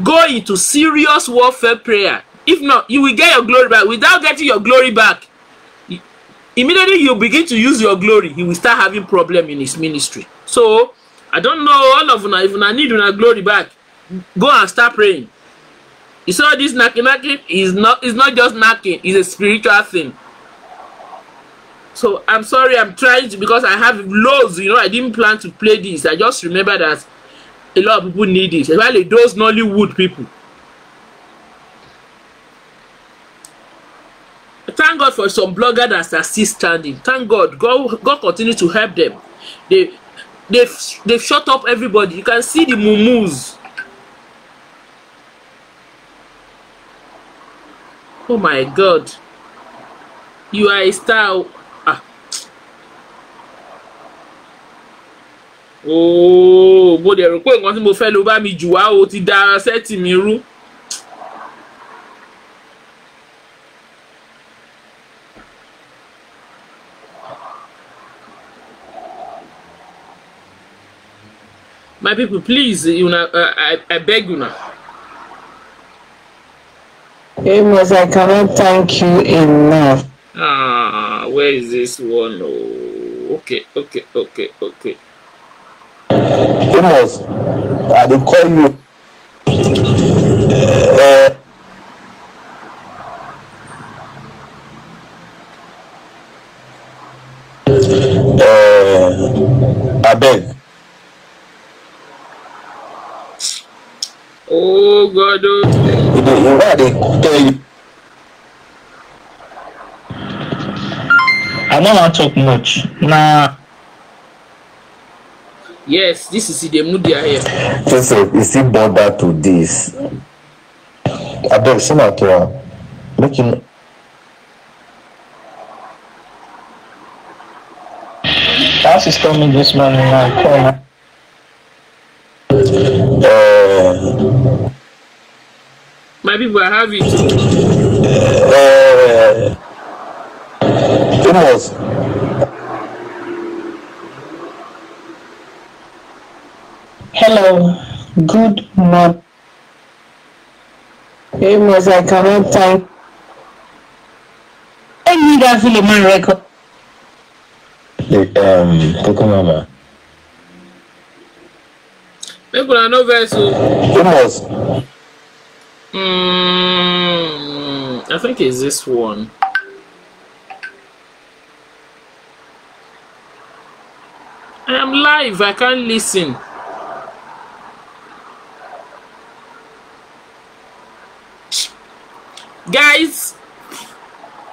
B: go into serious warfare prayer if not you will get your glory back without getting your glory back immediately you begin to use your glory he will start having problem in his ministry. So I don't know all of una if una need una glory back, go and start praying. You saw this knocking knocking is not is not just knocking, it's a spiritual thing. So I'm sorry, I'm trying to because I have loads, you know, I didn't plan to play this. I just remember that a lot of people need this. especially those Nollywood people. Thank God for some bloggers that are still standing. Thank God. God, God continue to help them. They they've they've shut up everybody you can see the mumus oh my god you are a star ah Oh, mo dẹ̀ rò pé nǹkan mo fẹ́ ló bá mi jù o ti da sẹ́ẹ̀tì mi rú. my people please una uh, I, I beg you una. Amos, I cannot thank you enough. Ah, where is this one? Oh, okay, okay, okay, okay.
E: Amos, I will call you. Uh,
B: uh, abeg Oh God! Oh.
A: Why they tell I don't want to talk much. Nah.
B: Yes, this is the Mudia here.
E: Joseph, is it border to this? I beg Senator, make him.
A: That's is coming this morning. Now.
B: My people, I have it.
A: Uh, Thomas.
E: Hello. Good morning. Amos, I cannot type. I need a film on record. Um, Coco Mama.
B: People are no vessel. Oh. Thomas. Mm, I think it's this one. I am live, I can't listen. Guys,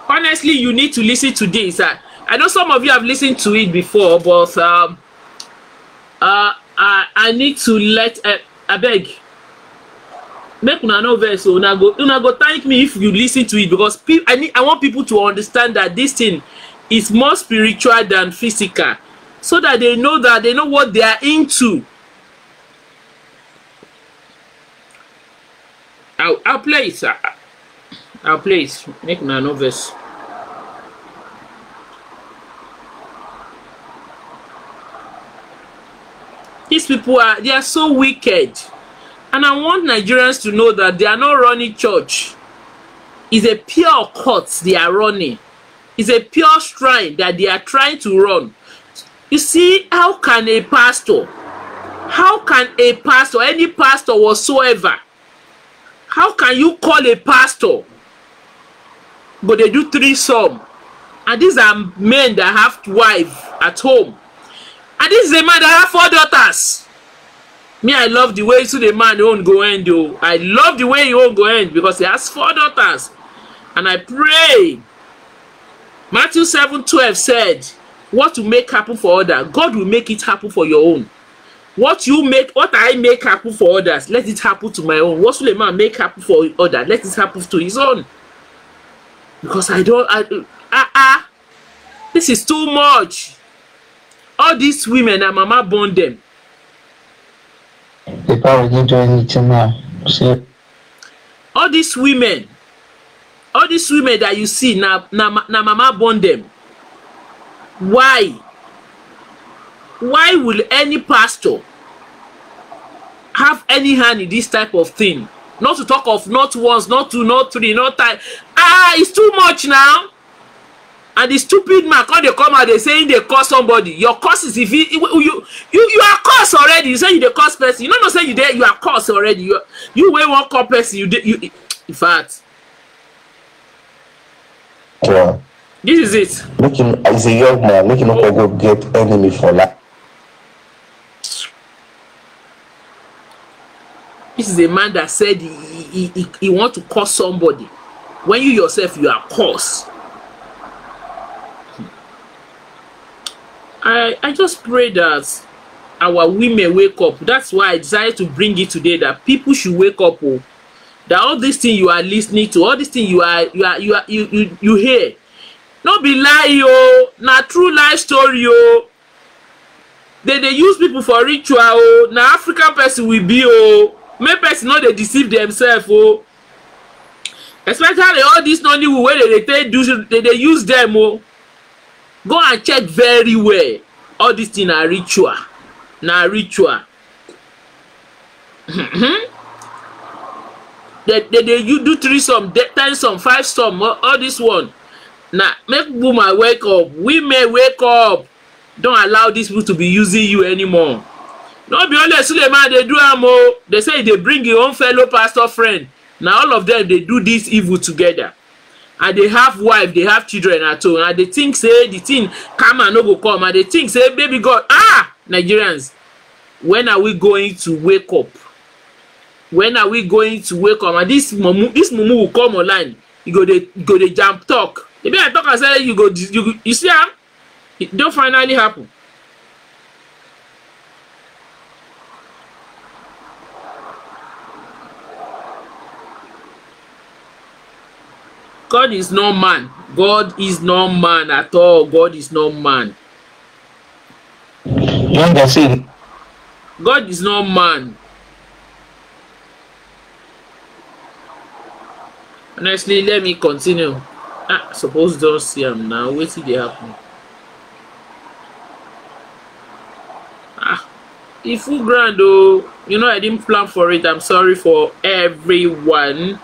B: honestly, you need to listen to this. I, I know some of you have listened to it before, but um, uh, I, I need to let, uh, I beg. make una no vex so una go una go thank me if you lis ten to it because pe i need i want people to understand that this thing is more spiritual than physical so that they know that they know what they are into. I'll, I'll play it. Sir. I'll play it. Make me nervous. These people are they are so wicked. And I want Nigerians to know that they are not running church. It's a pure court they are running. It's a pure shrine that they are trying to run. You see, how can a pastor, how can a pastor, any pastor whatsoever, how can you call a pastor? But they do three some. And these are men that have wife at home. And this is a man that have four daughters me i love the way so the man own go end o i love the way he own go end because he has four daughters and i pray matthew seven twelve said what you make happen for others god will make it happen for your own what you make what i make happen for others let it happen to my own what man make happen for others let it happen to his own because i don't i ah ah this is too much all these women na mama born them
E: The power didn't do anything now. See?
B: All these women, all these women that you see now, now, now mama born them. Why? Why will any pastor have any hand in this type of thing? Not to talk of not once, not two, not three, not time. Ah, it's too much now and the stupid man come dey come out dey say him dey curse somebody your cause is if he, you you you are cause already you say you dey curse person you no know say you dey you are cause already you you wey wan call person you dey you in fact. Yeah. this is
E: it. make you as a young man make you no go get enemy for life.
B: this is a man that said he he he, he want to call somebody when you yourself you are cause. I, I just pray that our women wake up. That's why I decided to bring it today that people should wake up. Oh, that all these things you are listening to, all these things you are you are you are you you, you hear. not be lie, yo. Oh. na true life story, yo. Oh. They they use people for ritual, oh. Now African person will be, oh. Make person no they deceive themselves, oh. Especially all these Nollywood wey they dey take they use them, oh go and check very well all this thing na ritual na ritual mm-hmm. they they dey you do three some ten some five some all, all this one na make woman wake up women wake up don allow these people to be using you anymore no be only suleiman dey do am o they say e dey bring im own fellow pastor friend na all of them dey do this evil together And they have wife they have children at home And they think say the thing karma no go come And they think say baby god ah nigerians when are we going to wake up when are we going to wake up and this mumu this mumu will come online you go dey you go dey jam talk the way i talk am say you go you, you see am it don finally happen God is not man. God is not man at all. God is not man.
E: What does
B: God is not man. Honestly, let me continue. Ah, suppose don't see him now. Wait till they happen. Ah, if you grand though, you know I didn't plan for it. I'm sorry for everyone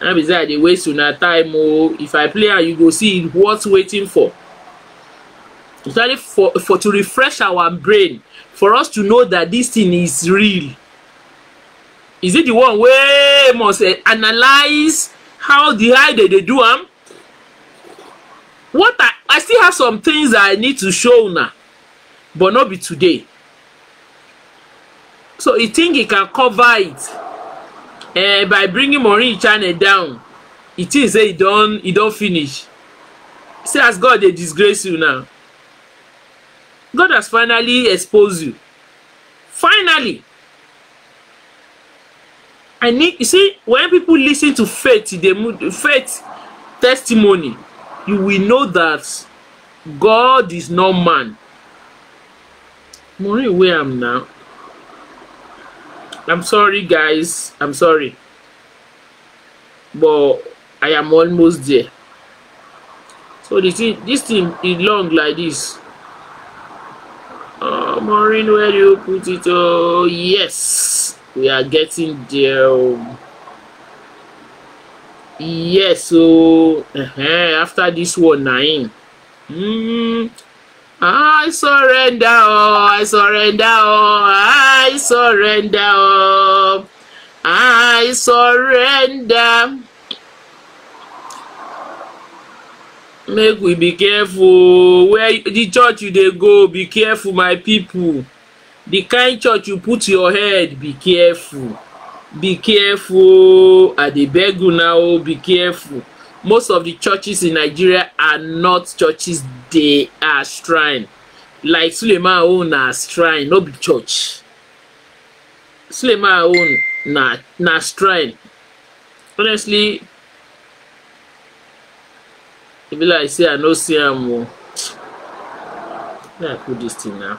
B: and be say i dey waste una time o oh, if i play am you go see it worth waiting for especially for for to refresh our brain for us to know that this thing is real is it the one wey must uh, eh, analyse how the eye dey dey do am what i i still have some things i need to show una but no be today so e think e can cover it uh, by bringing Maureen Chane down, It is say he don't he don't finish. See, as God they disgrace you now. God has finally exposed you. Finally. I need you see when people listen to faith, they faith testimony, you will know that God is not man. Maureen, where I'm now. I'm sorry, guys. I'm sorry. But I am almost there. So this thing, this thing is long like this. Oh, Maureen, where do you put it? Oh, yes. We are getting there. Yes, so uh -huh, after this one, nine. Mm, I surrender all, oh, I surrender all, oh, I surrender all, oh, I surrender. Make we be careful where the church you dey go, be careful my people. The kind church you put your head, be careful. Be careful. I dey beg una o, be careful most of the churches in nigeria are not churches they are shrine like suleiman own na shrine no be church suleiman own na na shrine honestly e be like say i no see am o make i put this thing now.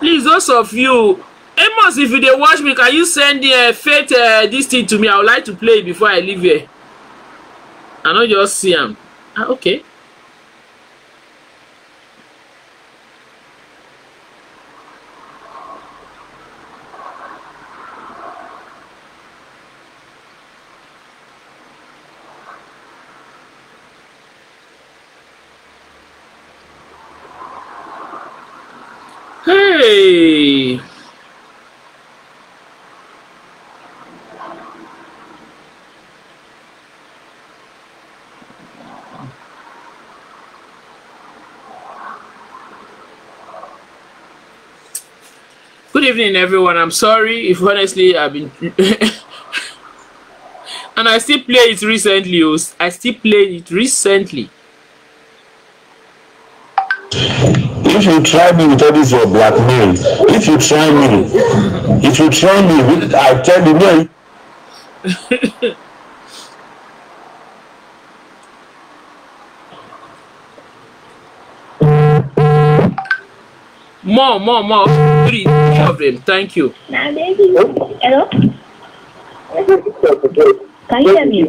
B: please those of you Amos, if you dey watch me, can you send the uh, faith uh, this thing to me? I would like to play before I leave here. I know just see him. Ah, okay. Hey! evening, everyone. I'm sorry if honestly I've been. and I still play it recently. Oh. I still played it recently.
E: If You try me with all this your blackmail. If you try me, if you try me, I tell you
A: no.
B: More, more, more. Three of them. Thank you.
C: Hello?
E: Can you hear me?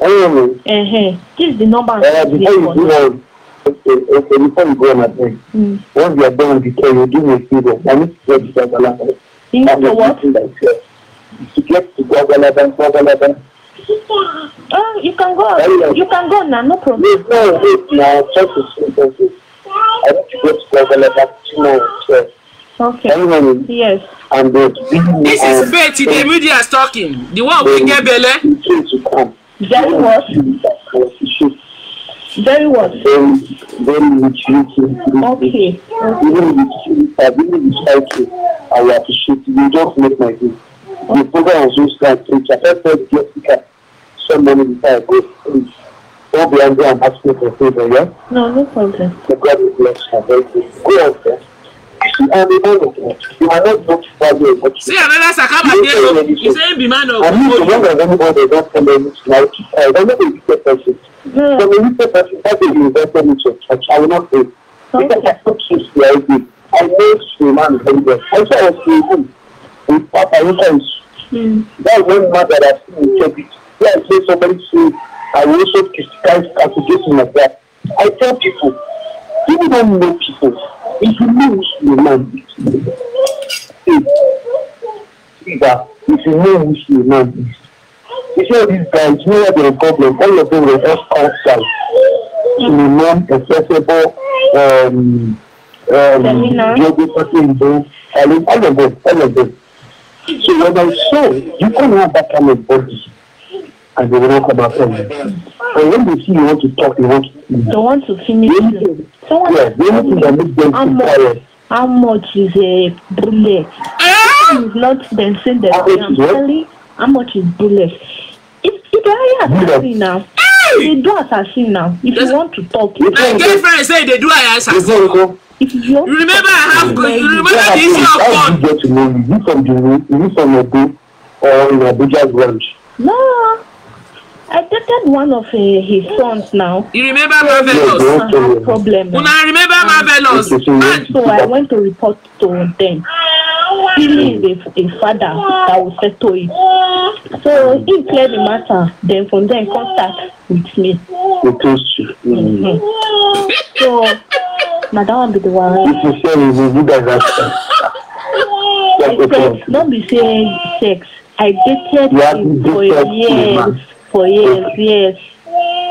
E: Uh
C: -huh. This is the
E: number. Uh, before you okay, okay, before you go on, I Mm. Once you are done with you do me a favor. I need to get to You need to what? To get to
C: Oh, you can go. You
E: can go now, no problem. No, no, no. I need to go to God and I two more so. Okay. Anyway, yes. And the this is Betty. The media is talking. The one we get Bele. Very what? Very what? Very, very maturity. Okay. Even if it's to, I will appreciate it. You just make my day. The program was just like preach. I felt like Jessica so many times. Go behind her and ask me for favor, yeah?
C: No, no problem.
E: May God will bless her. Thank you. Go on, sir. You are the man of God. You are not going to value what See, another man of God. I'm not
B: the
E: one anybody that come in this life. I don't know the wicked person. Yeah. From a wicked person, that is invested into a church. I will not pay. Because I took his idea. I know she man very well. I saw us him. With Papa, hmm. he says, mm. that when mother has seen the church, yeah, I say somebody say, I will also castigate myself. I tell people, people don't know people. If you know who's your man is, either if you know who's your man you see all these guys, you know their problem, all of them were just outside in a non-accessible um, um, geography in them. all of them, all of them. So when I saw, you can't have that kind of body and they will not come after you. And when they see you want to talk, they want to finish. They want to finish. You. Someone yeah, the only thing that makes them how much,
C: how much is a bullet? Ah! It's not them saying that they telling how much is bullet. If if they are assassin now, hey! they do assassin now. If That's, you want to talk, you my girlfriend
B: said they do assassin. If you, remember, I
E: have good,
C: you remember yeah, the issue of
E: God. Get to know you. You from the you from Edo or in Abuja branch.
C: No. I dated one of uh, his sons now. You remember so Marvelous? No, no problem. Una remember um, Marvelous? So I went to report to them. He is a, mm. a father that will settle it. So he cleared the matter. Then from then contact with me. Mm-hmm. so, Madam that be the one.
E: This is saying you
C: do that. Don't be saying sex. I dated him for a year. for years, okay. yes.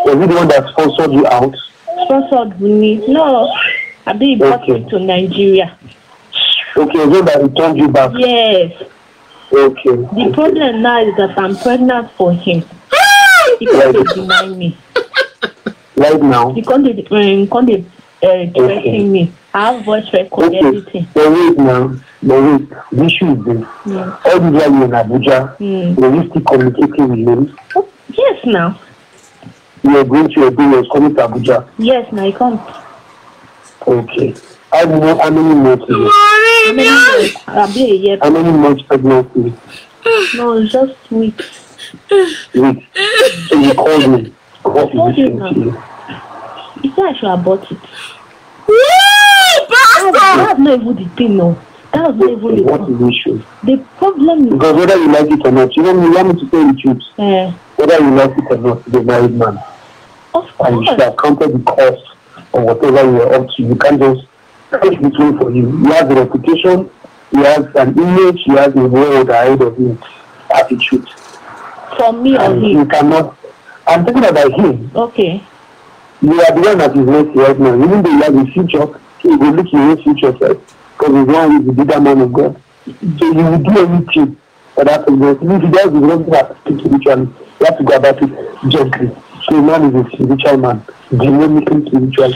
E: Was he the one that sponsored you out?
C: Sponsored me? No, I did brought okay. me to Nigeria.
E: Okay, so that returned you back?
C: Yes. Okay. The problem now is that I'm pregnant for him. Because right. they deny me.
E: Right now? Because
C: they, um, because they uh, threatening okay. me. I have voice record, okay. everything.
E: wait now, but wait, the issue is this.
C: Mm.
E: All the while you in Abuja, mm. were you still communicating with him?
C: Yes, now.
E: You are going to your you're coming to Abuja?
C: Yes, now you come.
E: Okay. I don't know how many months is it?
C: How many months? How
E: many months pregnancy?
C: No, just
E: weeks. Weeks. So you called me. What I is this to you?
C: He said I should abort it. Woo! That's not even the thing, no. That's not even the problem. What is the issue? The problem is... Because whether you
E: like it or not, you want me to tell the truth. Yeah. whether you like it or not, you're a married man. And you should account for the cost of whatever you are up to. You can't just push between for you. You have a reputation, you have an image, you have a world ahead of you, attitude. For me or and him? You cannot. I'm talking about him. Okay. You are the one that is mercy right now. Even though you have a future, you will look in your future first. Because he's one with the bigger man of God. So you will do anything for that person. If you will do not have to each other. You have go about it gently. So man is a spiritual man, Do dynamically spiritual.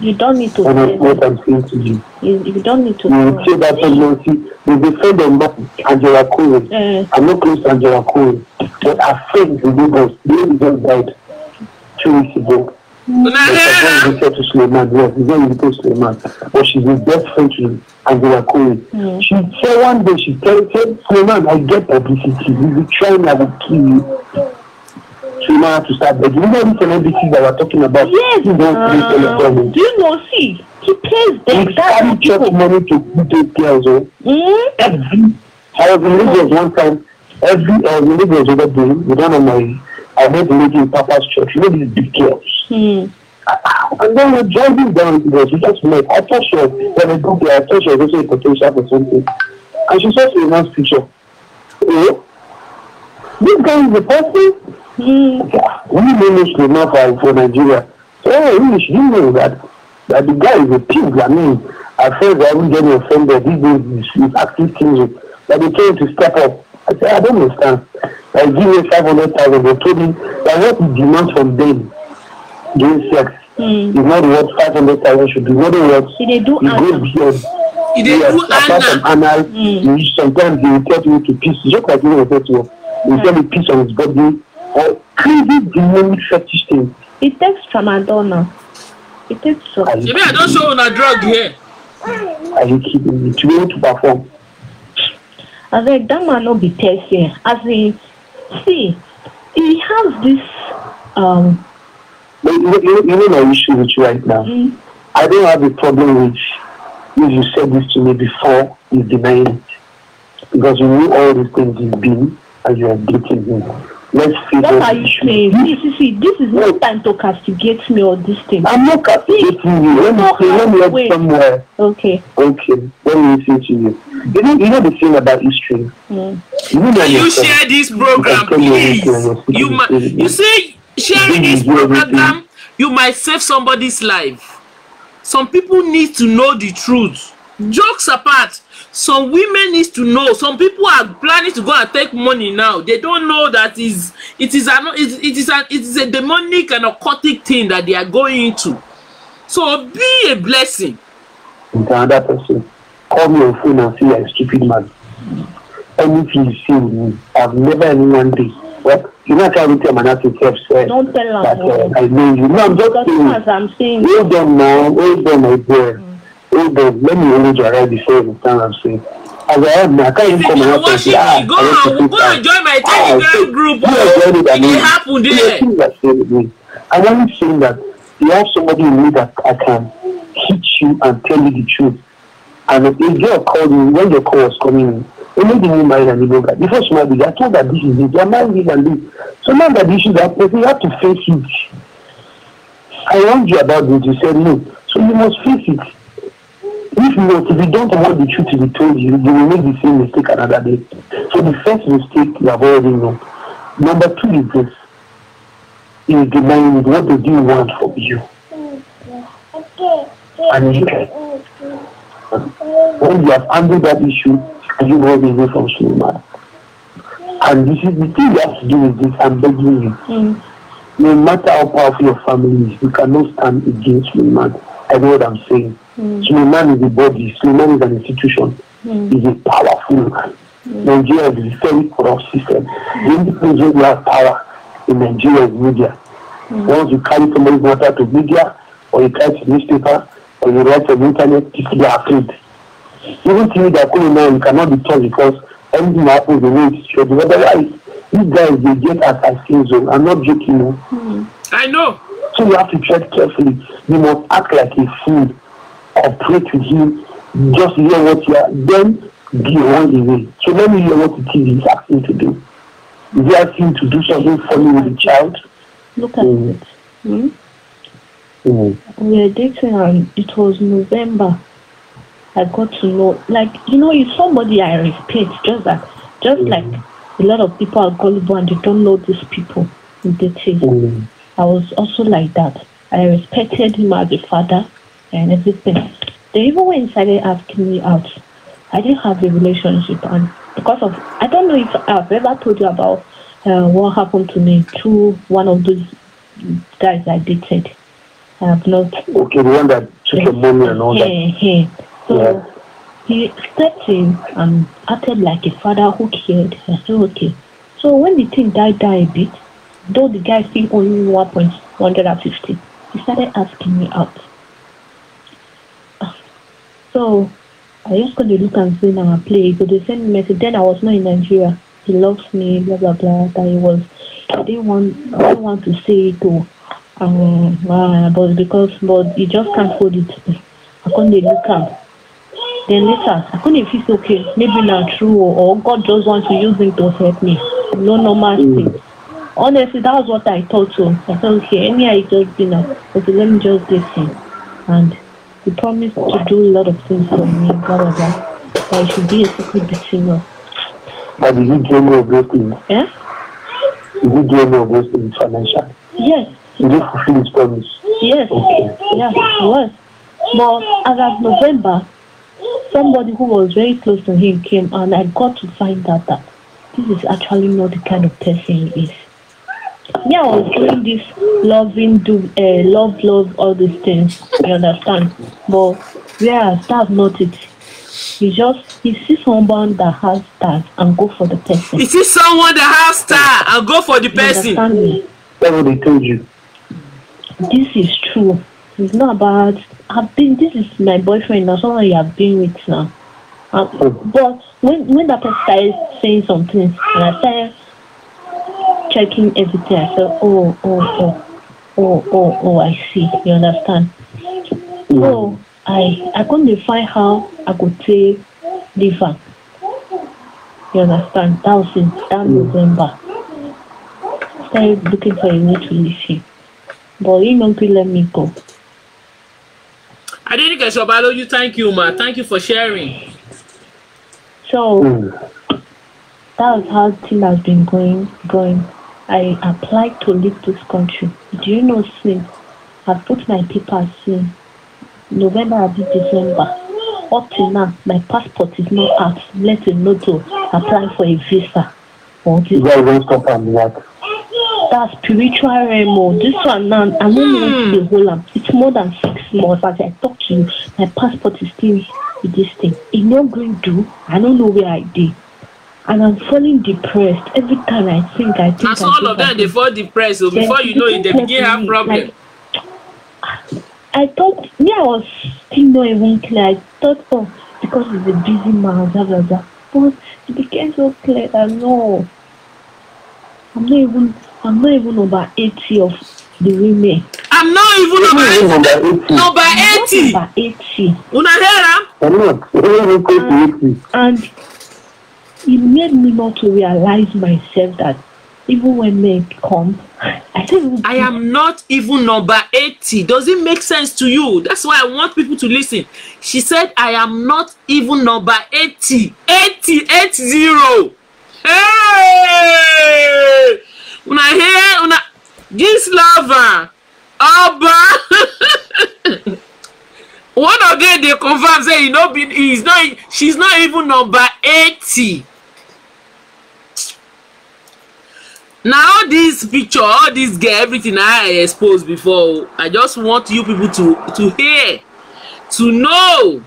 E: You don't need to. And that's what I'm saying to you. You, you don't need to. Mm, you say that tendency. There's a friend of mine, Angela Cohen. Mm. I'm not close to Angela Cohen, but I friend, the neighbors, they just died two weeks ago. She's not to Suleiman, yes, he's not to Suleiman, but she's a best friend to Angela Kori. Mm. She said one day, she said, said Suleiman, I get publicity. If you try me, I will kill you. Suleiman had to start begging. know these celebrities that we're talking about? Yes. You don't uh, do you know, see, he plays big. He carried church money to put players on. Oh. Mm? Every, I was in Lagos one time, every, I was in Lagos over there, with one of my, I met the lady in Papa's church, you know these big girls. he and then we're driving down because we just met. I thought she when I got there, I thought she was a potential for something. And she saw a nice picture. Eh? This guy is the person mm. we managed to know for, for Nigeria. So oh, I really should know that that the guy is a pig. I mean, I felt that I would get offended. He does his active things that they came to step up. I said, I don't understand. I give you five hundred thousand. They told me that what he demands from them Doing sex
A: mm. it's not
E: worth five hundred thousand should be not worth e go beyond e do anal apart from anal mm. you sometimes dey tell you to piss just like you know the first one you tell me piss on his body or crazy demonic fetish thing.
C: it takes tramadol now it takes so. Maybe i
E: don't show on a drug here. are you kidding me to be able to perform.
C: abeg dat man not be person as in see he has this um,
E: you, know my issue with you right now. Mm. I don't have a problem with if you said this to me before you denied it. Because you knew all these things you've been and you are dating me. Let's see what are you
C: saying? See, see, see, this is no time to castigate me or this thing. I'm not castigating
E: you. Let me see, let me help somewhere. Okay. Okay. Let me say to you. You know, you know the thing about history. Mm. You know you share this program, please. You, ma- you say sharing this program
B: you might save somebody's life some people need to know the truth jokes apart some women need to know some people are planning to go and take money now they don't know that is it is an it is an it is a demonic and occultic thing that they are going into so be a blessing.
E: nti another person call me on phone and see a stupid man anything you see with me I've never any one day yourself. You not trying to tell my to yourself. Uh, don't tell them. That, uh, I mean, you. No, I'm just That's saying. As
C: I'm saying. Hold
E: on now. Hold on, my dear. Mm. Hold on. Let me hold you right before you understand what I'm saying. As I have I can't even come out and say, ah, go I want to go and join my Telegram group. It happened it? I'm only saying that you have somebody in me that I can hit you and tell you the truth. And a girl called me when your call was coming in only the woman and the yoga. Before Shema they are told that this is it. Their mind is and this. So now that the issues are pressing, you have to face it. I warned you about this. You said no. So you must face it. If not, if you don't want the truth to be told you, you will make the same mistake another day. So the first mistake you have already known. Number two is this. Is denying what they do want from you. And you can. When you have handled that issue, You everybody away from cinema. And this is the thing you have to do with this, I'm begging you. Mm. No matter how powerful your family is, you cannot stand against Suleiman. I know what I'm saying. Mm. Suleiman is a body, Suleiman is an institution, mm. he's a powerful man. Mm. Nigeria is a very corrupt system. The only place who you have power in Nigeria is media. Mm. Once you carry somebody's matter to media, or you carry to newspaper, or you write on the internet, people are afraid. Mm. Even till they are calling now, you cannot be touched because everything happens the way should. be. Otherwise, these guys they get assassin zone. I'm not joking. No.
B: know. I know.
E: So you have to tread carefully. You must act like a fool, cooperate with him, just hear what you are, then be on the way. So let me hear what it is is asking to do. Is he asking to do something funny with the child? Look at mm. it. Hmm? Mm.
C: We are dating and it was November. I got to know, like, you know, it's somebody I respect, just that, just mm. like a lot of people are gullible and they don't know these people in detail. Mm. I was also like that. I respected him as a father and everything. They even went inside and asked me out. I didn't have a relationship, and because of, I don't know if I've ever told you about uh, what happened to me through one of those guys I dated. I have not.
E: Okay, the one that took the money and all that. Yeah, yeah. So yeah.
C: he stepped in and acted like a father who cared. I said, okay. So when the thing died down a bit, though the guy still only 1.150, he started asking me out. So I just got to look and see now and play. So they sent me message. Then I was not in Nigeria. He loves me, blah blah blah. That he was I didn't want I didn't want to say it to um uh, but because but he just can't hold it. I couldn't look out. Then later, I couldn't feel okay. Maybe not true, or God just wants to use him to help me. No normal mm. thing. Honestly, that was what I thought too. I thought, okay, any I just you know, okay, let me just get him. And he promised to do a lot of things for me, Whatever That I should be a secret between us.
E: But did you give me of those Yeah. Did you give me of those things financially? Yes. Did you fulfill his promise?
C: Yes. Okay. Yeah, it was. But as of November, somebody who was very close to him came and I got to find out that this is actually not the kind of person he is. Yeah, I was doing this loving, do, uh, love, love, all these things, you understand? But yeah, that's not it. You just, you see someone that has that and go for the person. You see
B: someone that
C: has
E: that and go for the you person. Understand me? That's what they told you.
C: This is true. It's not about I've been. This is my boyfriend now. Someone you have been with now. Um, hmm. But when when that person started saying some things, and I started checking everything, I said, oh, oh, oh, oh, oh, oh, I see. You understand? No, So I I couldn't define how I could say differ. You understand? That was in that mm. November. I started looking for a way to leave him, but he not let me go.
B: Adenike Sobaloju, thank you, ma. Thank you for sharing.
C: So
E: that
C: was how things has been going. Going. I applied to leave this country. Do you know since I put my papers in November and December. Up till now, my passport is not out. Let alone to apply for a visa. Or this.
E: Yeah, won't stop and what?
C: That spiritual realm. Oh. This one now, I don't know the whole. It's more than six small. as I talk to you, my passport is still with this thing. It's no going to. I don't know where I did. And I'm falling depressed every time I think I think. That's I all think of them. They fall
B: depressed. So oh, before you know it, they begin have problem. Like,
C: I thought, me, yeah, I was still not even clear. I thought, oh, because it's a busy man, blah blah blah. But it became so clear that no, I'm not even, I'm not even over eighty of the women. I'm not even number eighty. Number eighty. Number eighty. Una hear
E: am? not.
C: And, and it made me not to realize myself that even when men come, I think
B: I am not even number eighty. Does it make sense to you? That's why I want people to listen. She said, "I am not even number eighty. Eighty eight zero. Hey!
D: Una hear? Una
B: This Gistlover Oba one of them dey confirm say he no be he's not she's not even number eighty na all this picture all this girl everything i expose before i just want you people to to hear to know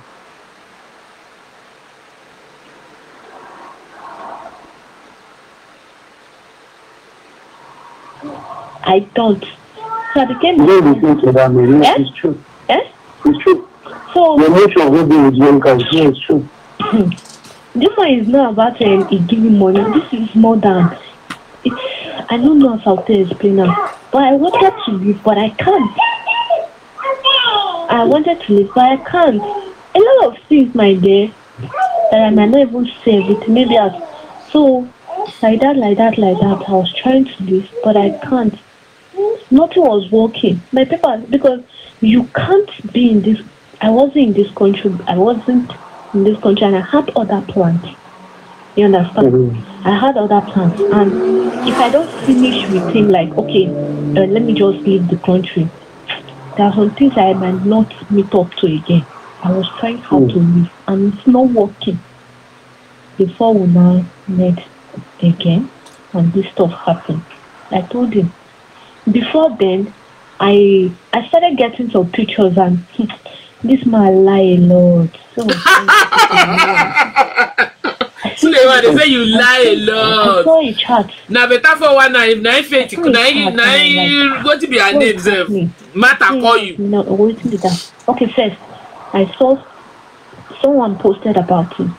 E: I don't.
C: So I became. What you
E: think about me? Yes, it's eh? true. Eh? It's true. So the nature of what with young guys, yeah, it's true.
C: this one is not about um, giving money. This is more than. It's, I don't know how to explain now, but I wanted to live, but I can't. I wanted to live, but I can't. A lot of things, my dear, that I might not even save it. Maybe I. So like that, like that, like that. I was trying to live, but I can't nothing was working. My people, because you can't be in this. I wasn't in this country. I wasn't in this country, and I had other plans. You understand? Mm-hmm. I had other plans, and if I don't finish with him, like, okay, uh, let me just leave the country. There are some things I might not meet up to again. I was trying hard mm to leave, and it's not working. Before we now met again, and this stuff happened, I told him before then, I I started getting some pictures and this man lie a lot. So Sulewa, they say you lie a lot. I saw a chat.
B: Now better for one na if na if it na na go to be an exam.
C: Matter call you. No, wait be that. Okay, first I saw someone posted about him.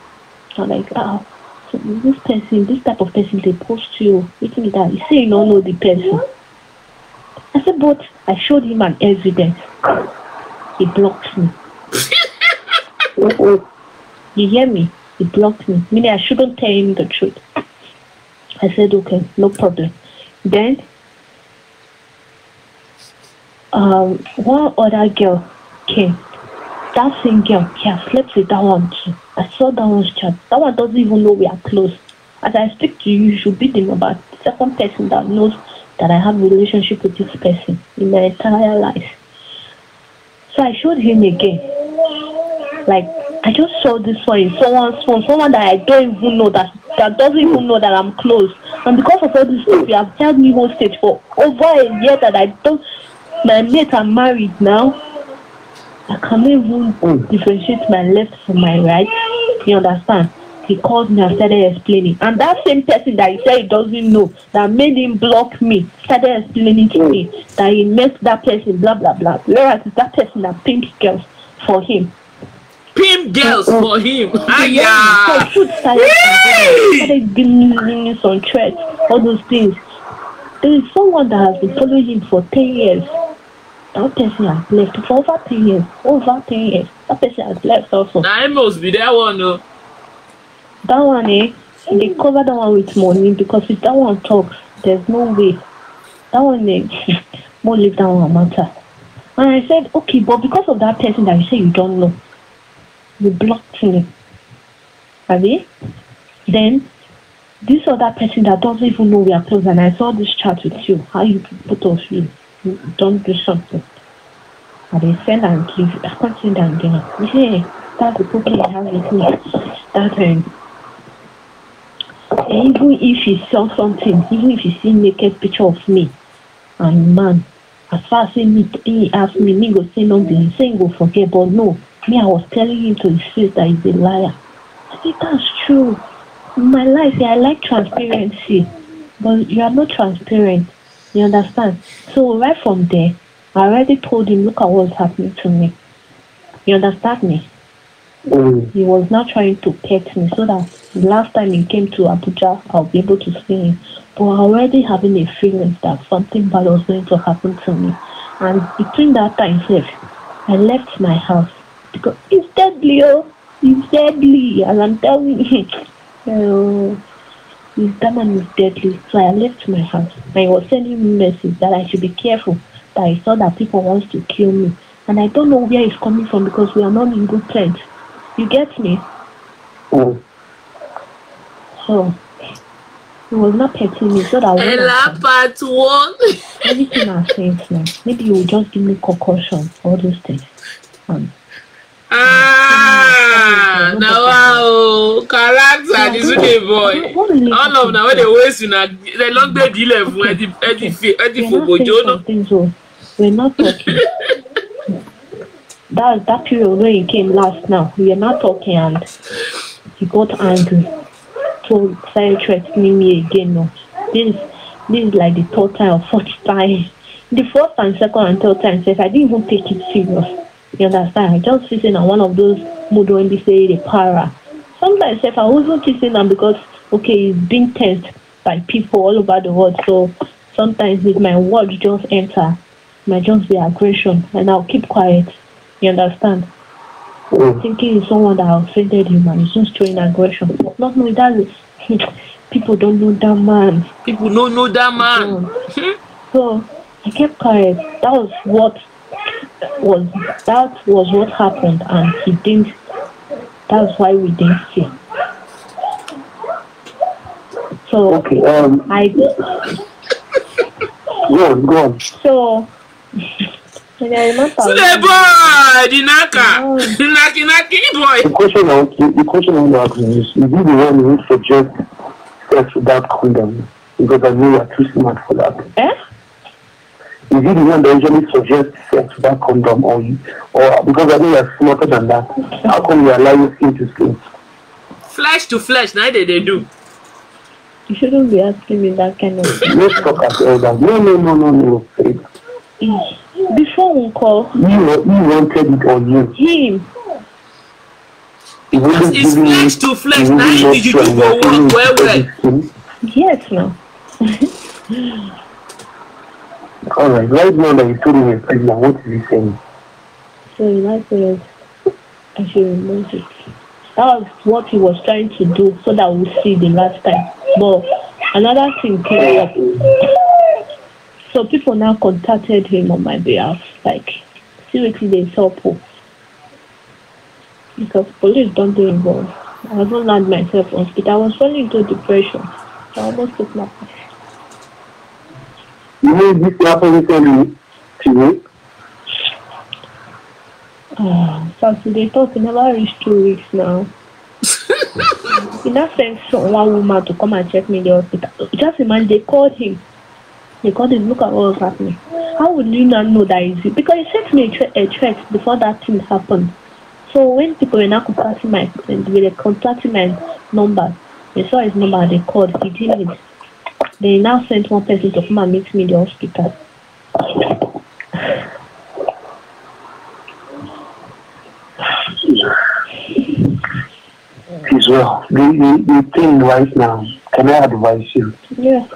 C: I'm like, oh, this person, this type of person, they post you. You think that. You say you don't know the person. I said, but I showed him an evidence. He blocked me. you hear me? He blocked me. Meaning I shouldn't tell him the truth. I said, okay, no problem. Then um, one other girl came. That same girl, she has slept with that one too. I saw that one's chat. That one doesn't even know we are close. As I speak to you, you should be the number second person that knows that I have relationship with this person in my entire life. So I showed him again. Like I just saw this one in someone's phone, someone that I don't even know that that doesn't even know that I'm close. And because of all this stuff, you have held me hostage for over a year that I don't my mate are married now. I can't even hmm. differentiate my left from my right. You understand? he called me and started explaining. And that same person that he said he doesn't know that made him block me started explaining to me that he met that person, blah blah blah. Whereas that person that pimped girls for him.
A: Pimp girls mm-hmm. for
B: him.
C: Yeah. Ah, so started, giving me some threats, all those things. There is someone that has been following him for ten years. That person has left for over ten years. Over ten years. That person has left also.
B: Now I must be that one though.
C: That one, eh, they cover that one with money because if that one talks, there's no way. That one, eh, more leave that one matter. And I said, okay, but because of that person that you say you don't know, you blocked me. Have you? Then this other person that doesn't even know we are close and I saw this chat with you, how you put us you don't do something. And they send and give I can't send and You Yeah, that's the problem I have with me that even if he saw something, even if he see naked picture of me and man, as far as me, he ask me, me go say nothing, he say he go forget, but no, me, I was telling him to his face that he's a liar. I think that's true. In my life, yeah, I like transparency, but you are not transparent. You understand? So right from there, I already told him, look at what's happening to me. You understand me? Mm. He was now trying to pet me so that last time he came to Abuja, I'll be able to see him. But I already having a feeling that something bad was going to happen to me. And between that time, I left my house because it's deadly, oh, it's deadly. And I'm telling you, oh, his is deadly. So I left my house. And he was sending me message that I should be careful, that I saw that people wants to kill me. And I don't know where he's coming from because we are not in good terms. You get me? Mm. So you will not pet me so that Ella
B: part one.
C: everything I said now. Maybe you will just give me concussion, all those things. Um,
B: Ah, na wa o character the sunday boy all of na wey dey waste una dey long dey delay fun edi edi fi edi fogbojo na.
C: we are not talking. That that period when he came last now, we are not talking and he got angry. So started threatening me again. No. This this is like the third time or fourth time. The first and second and third time says I didn't even take it serious. You understand? I just sitting on one of those mood when they say the para. Sometimes if I wasn't kissing them because okay, it's being tensed by people all over the world. So sometimes if my words just enter, my just be aggression and I'll keep quiet. You understand? Mm. Oh. Thinking it's someone that offended him and he's just showing aggression. Not knowing that people don't know that man.
B: People don't know that man. Hmm?
C: so I kept quiet. That was what was that was what happened and he didn't that's why we didn't see. So okay, um, I go on, go on. So boy,
B: the naka, the naki naki boy. The
E: question I want, the, question I to ask is: Is he the one who suggests sex without condom? Because I know you are too smart for that. Eh? Is he the one that usually suggests sex without condom, or you, or because I know you are smarter than that? How come you allow your skin to skin?
C: Flesh to
B: flesh, neither they do.
C: You shouldn't be asking me that kind of.
E: Let's talk as elders. No, no, no, no, no.
C: no. Before we
E: call. he wanted it on you. Him. Because it's flesh to
C: flesh. Now you did you do go work
E: well well.
C: Yes, no.
E: All right, right now that you told me you're what is he saying?
C: So in my period, I should romantic. That was what he was trying to do so that we see the last time. But another thing came up. So people now contacted him on my behalf, like, seriously, they saw po. Because police don't get involved. I haven't land myself on hospital. I was falling into depression. I almost took my life.
E: You know this happened to you,
C: Ah, Saturday talk never reached two weeks now. In that sense, one woman to come and check me in the hospital. Just imagine they called him because they look at what was happening. How would you not know that is you? Because it sent me a, tra- a threat before that thing happened. So when people were now contacting my friend, they were contacting my number. They saw his number, they called, he did They now sent one person to come and meet me in the hospital.
E: He's well, the, the, the thing right now, can I advise you? Yeah.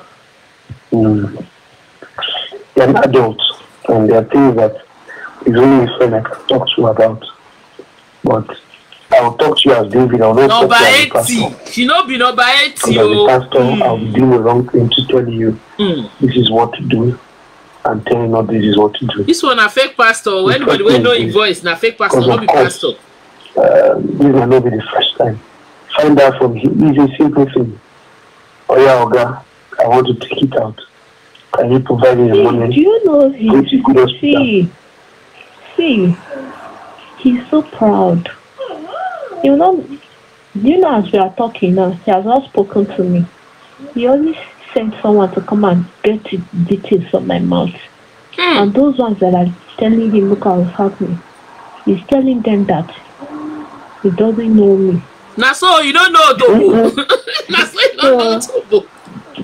E: Mm. an adult and there are things that is only a friend I can talk to about. But I will talk to you as David. I will not talk to you as a pastor.
B: She not be number eighty o. As
E: a pastor, mm. I will do the wrong thing to tell you mm. this is what to do and tell you not this is what to do. This
B: one a fake pastor. When oh. Anybody wey know him voice na fake pastor, not be course,
E: pastor. Uh, this will not be the first time. Find out from him. It's a simple thing. Oya Oga, I want to take it out. Can you provide me the money? Do you know he's see,
C: see, he's so proud. You know, you know, as we are talking now, he has not spoken to me. He only sent someone to come and get details from my mouth. Hmm. And those ones that are telling him, look help me," he's telling them that he doesn't know me.
B: Now, so you don't know, though. Mm
C: -hmm. so,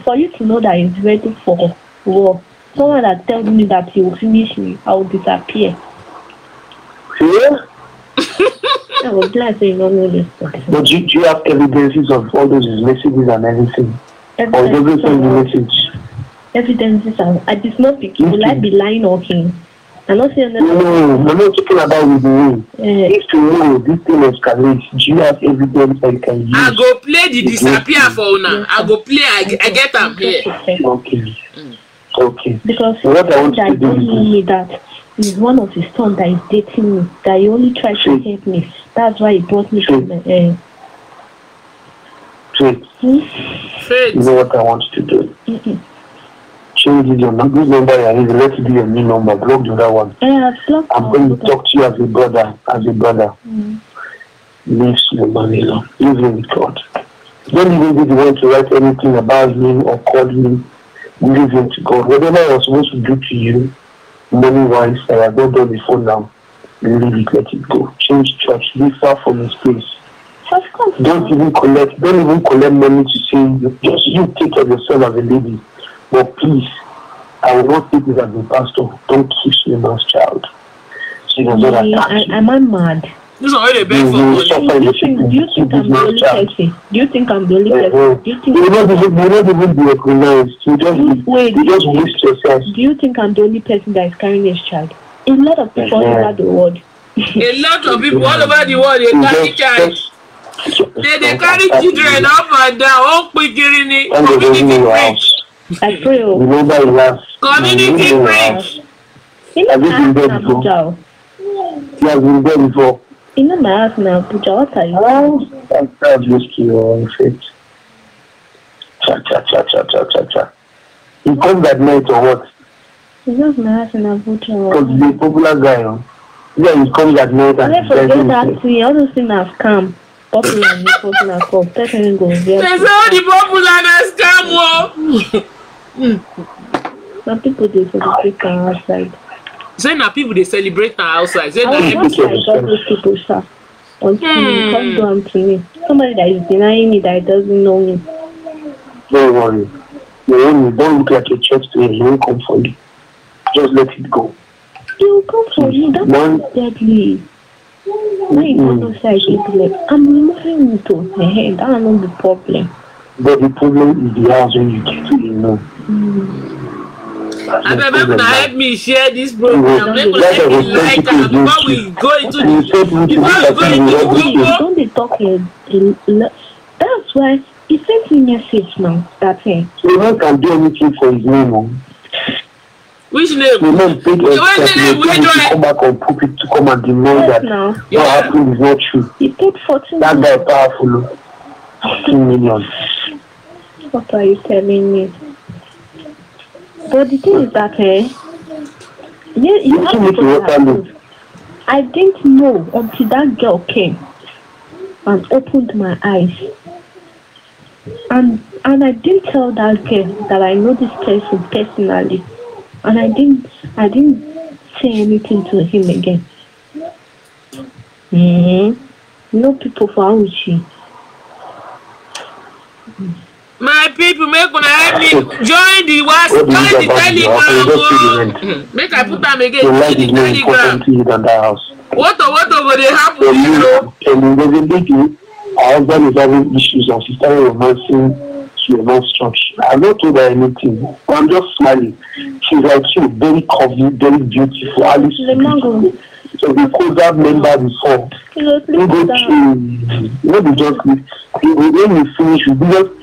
C: for you to know that he's ready for war. Someone that tells me that he will finish me, I will disappear. Yeah? I was glad you don't know this But
E: do, do you have evidences of all those messages and everything?
C: Evidence or everything the message? Evidences and I did not speak. Will mm I be lying on him? I'm not saying that. No, I'm
E: not talking about with me. Yeah. If tomorrow this thing escalates, do you have evidence that you can use? I go play the disappear
B: for now. Yes, I go play. I, I get am here. Okay.
E: okay. Mm.
C: Okay. Because what I want to do me that is one of his sons that is dating me, that he only tried to help me. That's why he brought me to the. end.
E: Faith. You know what I want to do? mm Change your number. This number I need, let it be your new number. Block the other one. Yeah, I'm going to talk to you as a brother. As a brother. Mm. Leave your money alone. Leave him with God. Don't even give the one to write anything about me or call me. Leave it to God. Whatever I was supposed to do to you, money wise, I have not done before now, leave it, let it go. Change church, leave far from this place. Don't even collect, don't even collect money to say, just you take care of yourself as a lady. But please, I will not take it as a pastor. Don't kiss me, man's child. She does not attack
C: you. I, am I mad?
E: This one where they beg for money. Do you think, you think
C: I'm the only person? Do you think I'm the only person? Do you think you're not even you're not even be recognized. You just you, wait, you just waste yourself. Do you think I'm the only person that is carrying this child? A lot of people all over the world.
B: A lot of people all over the world dey carry child. They dey carry children up and down. Ó pin kiri ni community
E: preach. I pray o. Oh. Community preach.
C: Have you been there before?
E: Have You been there before.
C: Inundável, né? Podia ela sair. Ah,
E: tá disso que homem feito. cha cha cha cha cha cha cha. He comes that night or what?
C: He's not nice and I put you Because
E: the popular guy, huh? Oh. Yeah, he comes at night and... Let's forget that
C: we all those things have come. Popular and popular come. Person go there. They say all the popular has come, oh! Some people, they for the people outside.
B: say na people dey celebrate na outside say na people
C: sha until you hmm. come do to me somebody that is denying me that doesn't know me.
E: don't worry your you don look like a church to me he won come for you just let it go.
C: he will come for you That's man deadly. when you come say he be like i'm removing you to my head that one no be problem.
E: but the problem is the house when you get to you know. Mm
B: abeg make una help me share this program make una help me
E: like am before we go into the before we go into the gbogbo.
C: don dey talk that's why he sent me message now that time.
E: you no can do anything for his name oh. which name? the name big except the name to come back on pulpit to come and demand that no. what happened is not true. he paid 14. million. that guy powerful o oh. million.
C: what are you telling me? But the thing is that, eh? Yeah, you
E: have to
C: I didn't know until that girl came and opened my eyes. And and I didn't tell that girl that I know this person personally. And I didn't I didn't say anything to him again. Mm-hmm. No people for Auchi.
B: my people make una help me join the whatsapp join the telegram
E: oh. hmm,
B: o make i put am again join the telegram
A: What? woto woto go
E: dey happen here o. her husband is having issues and sister started to a romanced church i no told her anything i'm just smiling she's like you very curvy very beautiful alice beautiful so we called that member before we go to we go just we go when we finish we go just.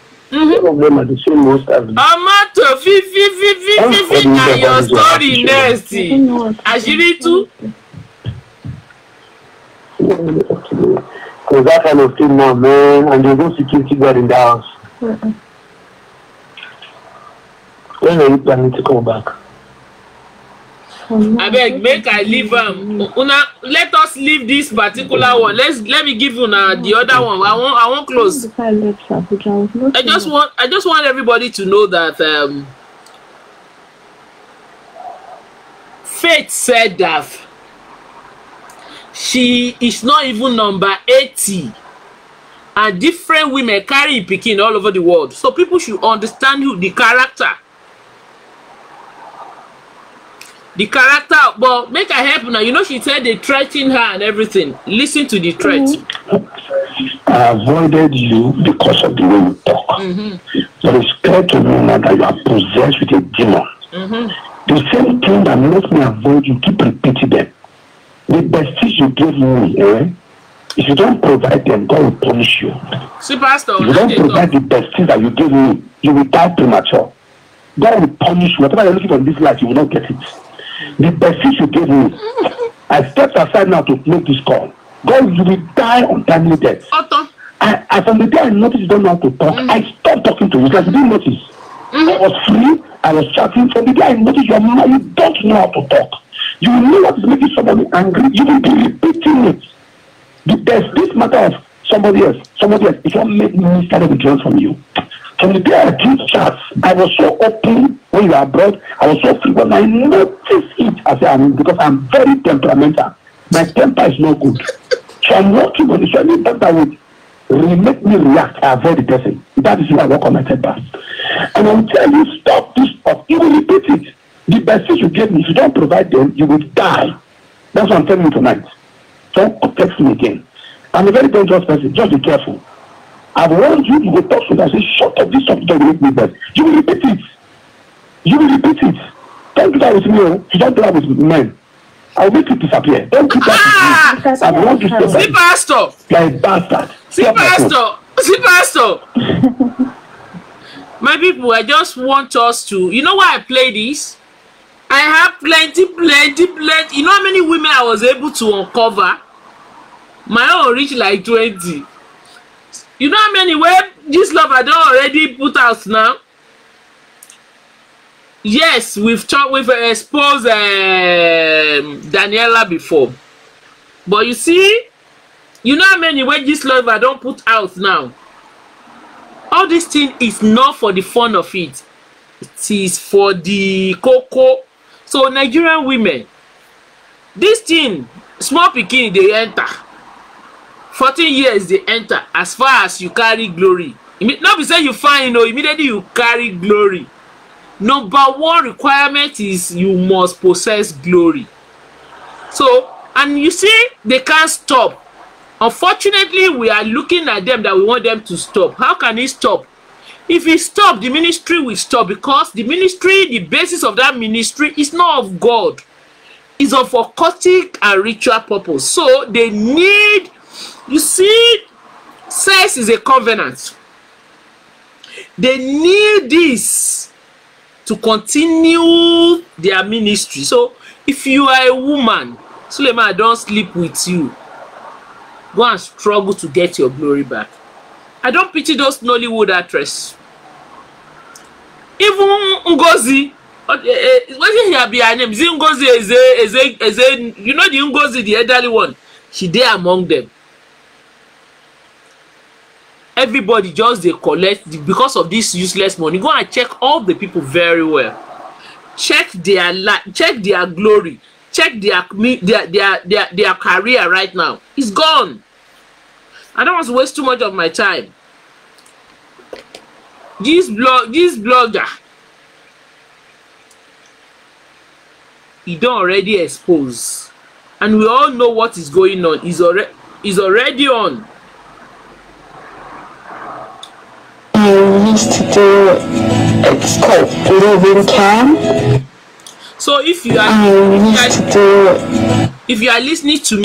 E: ọmọ
B: tó fífi fífi fífi na your story next àṣírí too.
E: Because that kind of thing now, man, and there's no security guard in the house. Mm-mm. When are you planning to come back?
B: abeg make i leave am um, una let us leave this particular one let's let me give una the other one i wan i wan close i just want i just want everybody to know that um, faith said that she is not even number eighty and different women carry pikin all over the world so people should understand the character the character but make i help now you know she said they threatened her and everything listen to the threat mm-hmm.
E: i avoided you because of the way you talk mm-hmm. but it's clear to me now that you are possessed with a demon mm-hmm. the same thing that makes me avoid you keep repeating them the prestige you gave me eh if you don't provide them god will punish you
B: see pastor if you don't provide
E: talk. the prestige that you gave me you will die premature god will punish you whatever you're looking for in this life you will not get it The person you gave me, I stepped aside now to make this call. God, you will die untimely death. Auto. I, I, from the day I noticed you don't know how to talk, mm. I stopped talking to you because you didn't notice. Mm. I was free, I was chatting. From the day I noticed you, are, you don't know how to talk. You know what is making somebody angry, you will be repeating it. There's this matter of somebody else, somebody else. It won't make me start a from you from the day I did church, I was so open when you are abroad. I was so free. When I notice it, I said, I mean, because I'm very temperamental. My temper is not good. So I'm working on it. So any temper would re- make me react. I avoid the person. That is why I work on my temper. And until you stop this stuff, you will repeat it. The blessings you get me, if you don't provide them, you will die. That's what I'm telling you tonight. Don't text me again. I'm a very dangerous person. Just be careful. I want you to go talk to them say, shut up, this stuff don't make me best. You will repeat it. You will repeat it. Don't do that with me, oh. You don't do that with men. will make you disappear. Don't do
A: that with
B: me. Ah! I want you to stop. See, Pastor.
E: My bastard. See, oh. Pastor.
B: See, Pastor. My people, I just want us to. You know why I play this? I have plenty, plenty, plenty. You know how many women I was able to uncover? My own reach like twenty you know how many wey dis lover don already put out now yes we've talk we've exposed um, daniela before but you see you know how many wey dis lover don put out now all this thing is not for the fun of it it is for the koko so nigerian women this thing small pikin dey enter fourteen years dey enter as far as you carry glory no be say you fine o immediately you carry glory number one requirement is you must possess glory so and you see they can't stop unfortunately we are looking at them that we want them to stop how can he stop if he stop the ministry will stop because the ministry the basis of that ministry is not of god is of occultic and ritual purpose so they need You see, sex is a covenant. They need this to continue their ministry. So if you are a woman, Suleiman don sleep with you. Go and struggle to get your glory back. I don pity those Nollywood actresses. Even Ngozi, wetin her be her name? Is it Ngozi Eze Eze Eze? You know the Ngozi, the elderly one? She dey among them everybody just dey collect because of this useless money go and check all the people very well check their life check their glory check their their their their, their career right now it's gone i don't want to waste too much of my time this blog this blogger he don already expose and we all know what is going on he's already he's already on
A: after it's called leaving camp.
B: So if you are I used guys, to if you are listening to me,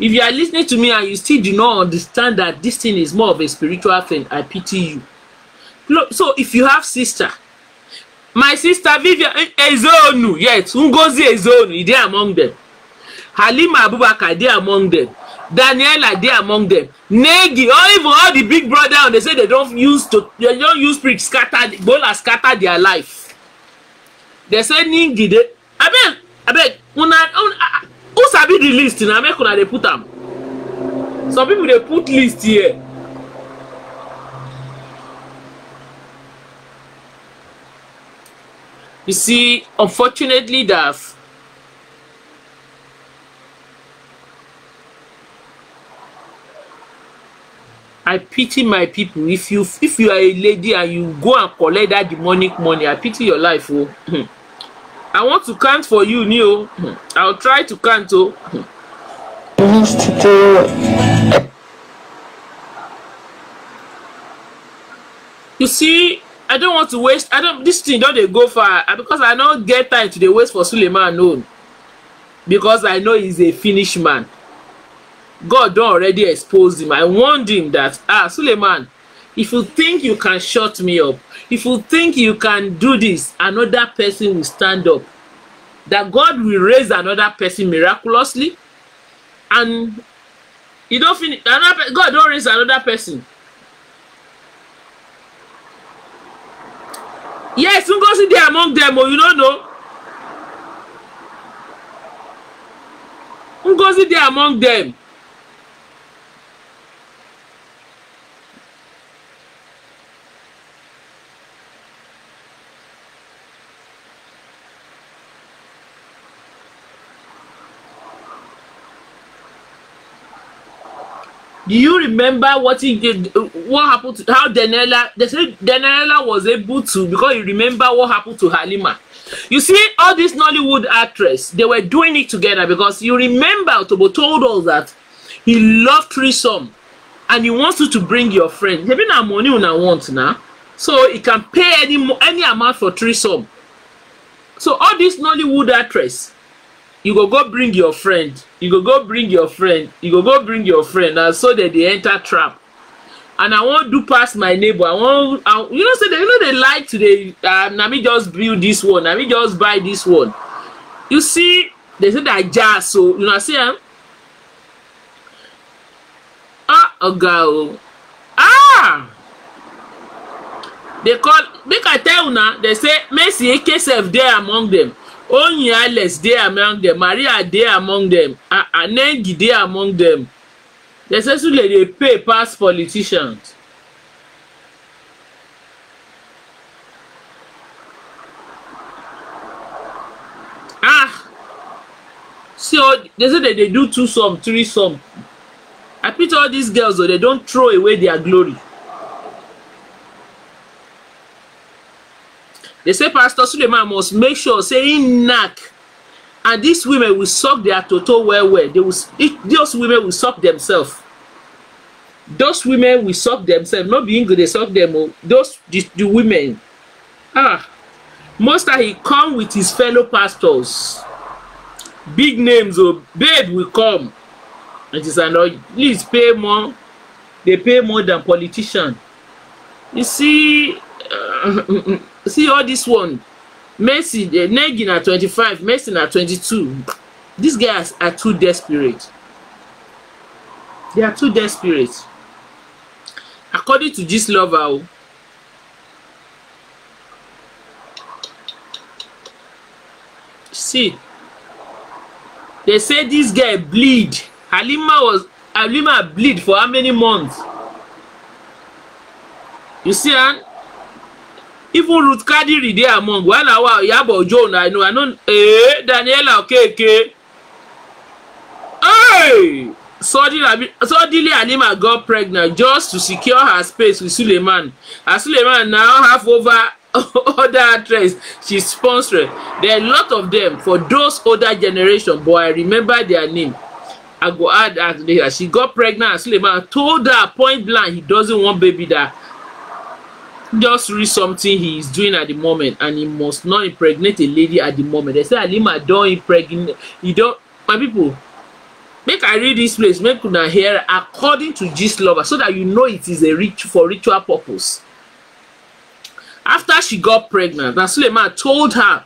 B: if you are listening to me and you still do not understand that this thing is more of a spiritual thing, I pity you. so if you have sister, my sister Vivian eh, Ezonu, yes, Ngozi Ezonu, they among them. Halima Abubakar, they among them daniel I there among them negi or even all the big brother on they say they don use to they don use spirit scatter gbola scatter their life they say negi dey abeg abeg una una who sabi the list na make una dey put am some people dey put list here. You see, unfortunately, that I pity my people. If you if you are a lady and you go and collect that demonic money, I pity your life. Oh. Hmm. I want to count for you, Neo. Hmm. I'll try to count. Oh. Hmm. You see, I don't want to waste. I don't. This thing don't they go far because I don't get time to the waste for Suleiman. No, because I know he's a finished man. God don already expose him. I warned him that, ah, Suleiman, if you think you can shut me up, if you think you can do this, another person will stand up. That God will raise another person miraculously. And you don't finish, another, God don't raise another person. Yes, who goes in there among them, oh, you don't know. Who goes in there among them. do you remember what he did what happened to how Daniela they said Daniela was able to because you remember what happened to Halima you see all these Nollywood actress they were doing it together because you remember Otobo told us that he loved threesome and he wants you to bring your friend maybe na money when I want now, so he can pay any any amount for threesome so all these Nollywood actress you go go bring your friend you go go bring your friend you go go bring your friend na so dem dey enter trap and i wan do pass my neighbor i wan you know say dem you know dey like to dey uh, na me just build this one na me just buy this one you see dem say na jar so you na see am ah oga o ah dey call make i tell una dey say mercy eke sef dey among dem Only Alex dey among them. Maria dey among them. Anengi dey among them. They say so they pay pass politicians. Ah! So they say that they do two some, three some. I pity all these girls though, they don't throw away their glory. They say Pastor Suleiman must make sure, say him knack. And these women will suck their toto well well. They will, it, those women will suck themselves. Those women will suck themselves. Not being good, they suck them. Oh. Those the, the women. Ah. Most time he come with his fellow pastors. Big names, oh, babe will come. And she said, no, please pay more. They pay more than politician. You see, uh, see all this one messi uh, eh, negi na twenty-five messi na twenty-two these guys are too desperate they are too desperate according to this lover o. Oh. see they say this guy bleed halima was halima bleed for how many months you see am. Huh? even Ruth Kadiri dey among while our Iyabo Ojo una I know I know eh Daniela Okeke hey suddenly suddenly Halima got pregnant just to secure her space with Suleiman as Suleiman now have over other actress she sponsored there are a lot of them for those older generation but I remember their name I go add that later she got pregnant and Suleiman told her point blank he doesn't want baby that just read something he is doing at the moment and he must not impregnate a lady at the moment they say Halima don impregnate he don my people make i read this place make una hear according to gist lover so that you know it is a rich for ritual purpose after she got pregnant na Suleiman told her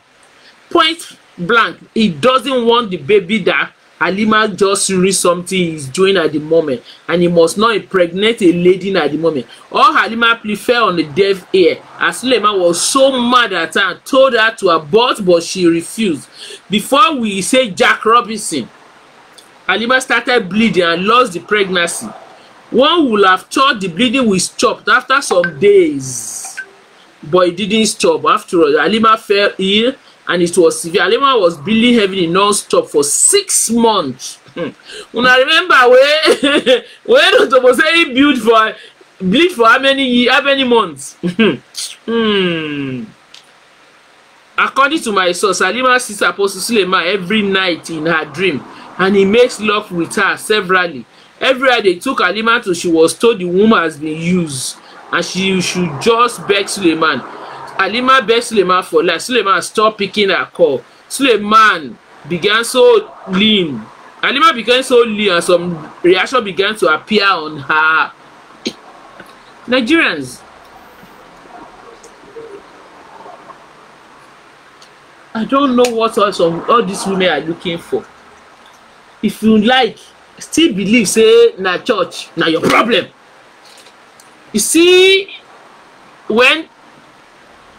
B: point blank he doesn't want the baby that Halima just read something he's doing at the moment and he must not impregnate a lady at the moment. All Halima plea fell on the deaf ear as Suleiman was so mad at her and told her to abort but she refused. Before we say Jack Robinson, Halima started bleeding and lost the pregnancy. One would have thought the bleeding would stop after some days but it didn't stop. After all, Halima fell ill and it was severe. Alima was bleeding heavily non-stop for six months. Hmm. Una remember where where Dr. Boseri build for bleed for how many years, how many months? Hmm.
A: hmm.
B: According to my source, Alima sees Apostle Suleiman every night in her dream and he makes love with her severally. Every Everywhere they took Alima to, she was told the woman has been used and she should just beg Suleiman Alima begged Suleiman for life. Suleiman stop picking her call. Suleiman began so lean. Alima began so lean and some reaction began to appear on her. Nigerians. I don't know what all some all these women are looking for. If you like, still believe say na church na your problem. You see when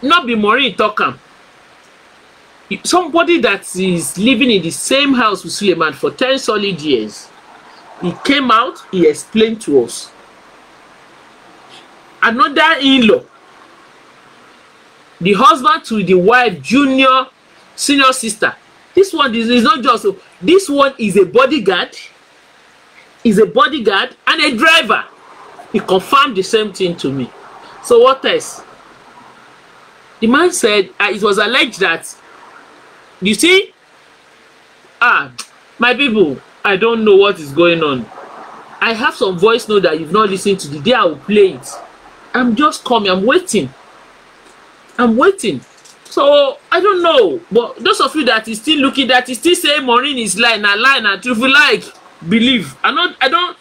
B: not be Maureen Tokam. Somebody that is living in the same house with Suleiman for 10 solid years. He came out, he explained to us. Another in-law, the husband to the wife, junior, senior sister. This one is, is not just, oh, this one is a bodyguard, is a bodyguard and a driver. He confirmed the same thing to me. So what else? The man said uh, it was alleged that, you see, ah, my people, I don't know what is going on. I have some voice note that you've not listened to. The day I will play it, I'm just coming. I'm waiting. I'm waiting. So I don't know, but those of you that is still looking, that is still saying Maureen is lying, na lying, and you like believe. I'm not. I don't.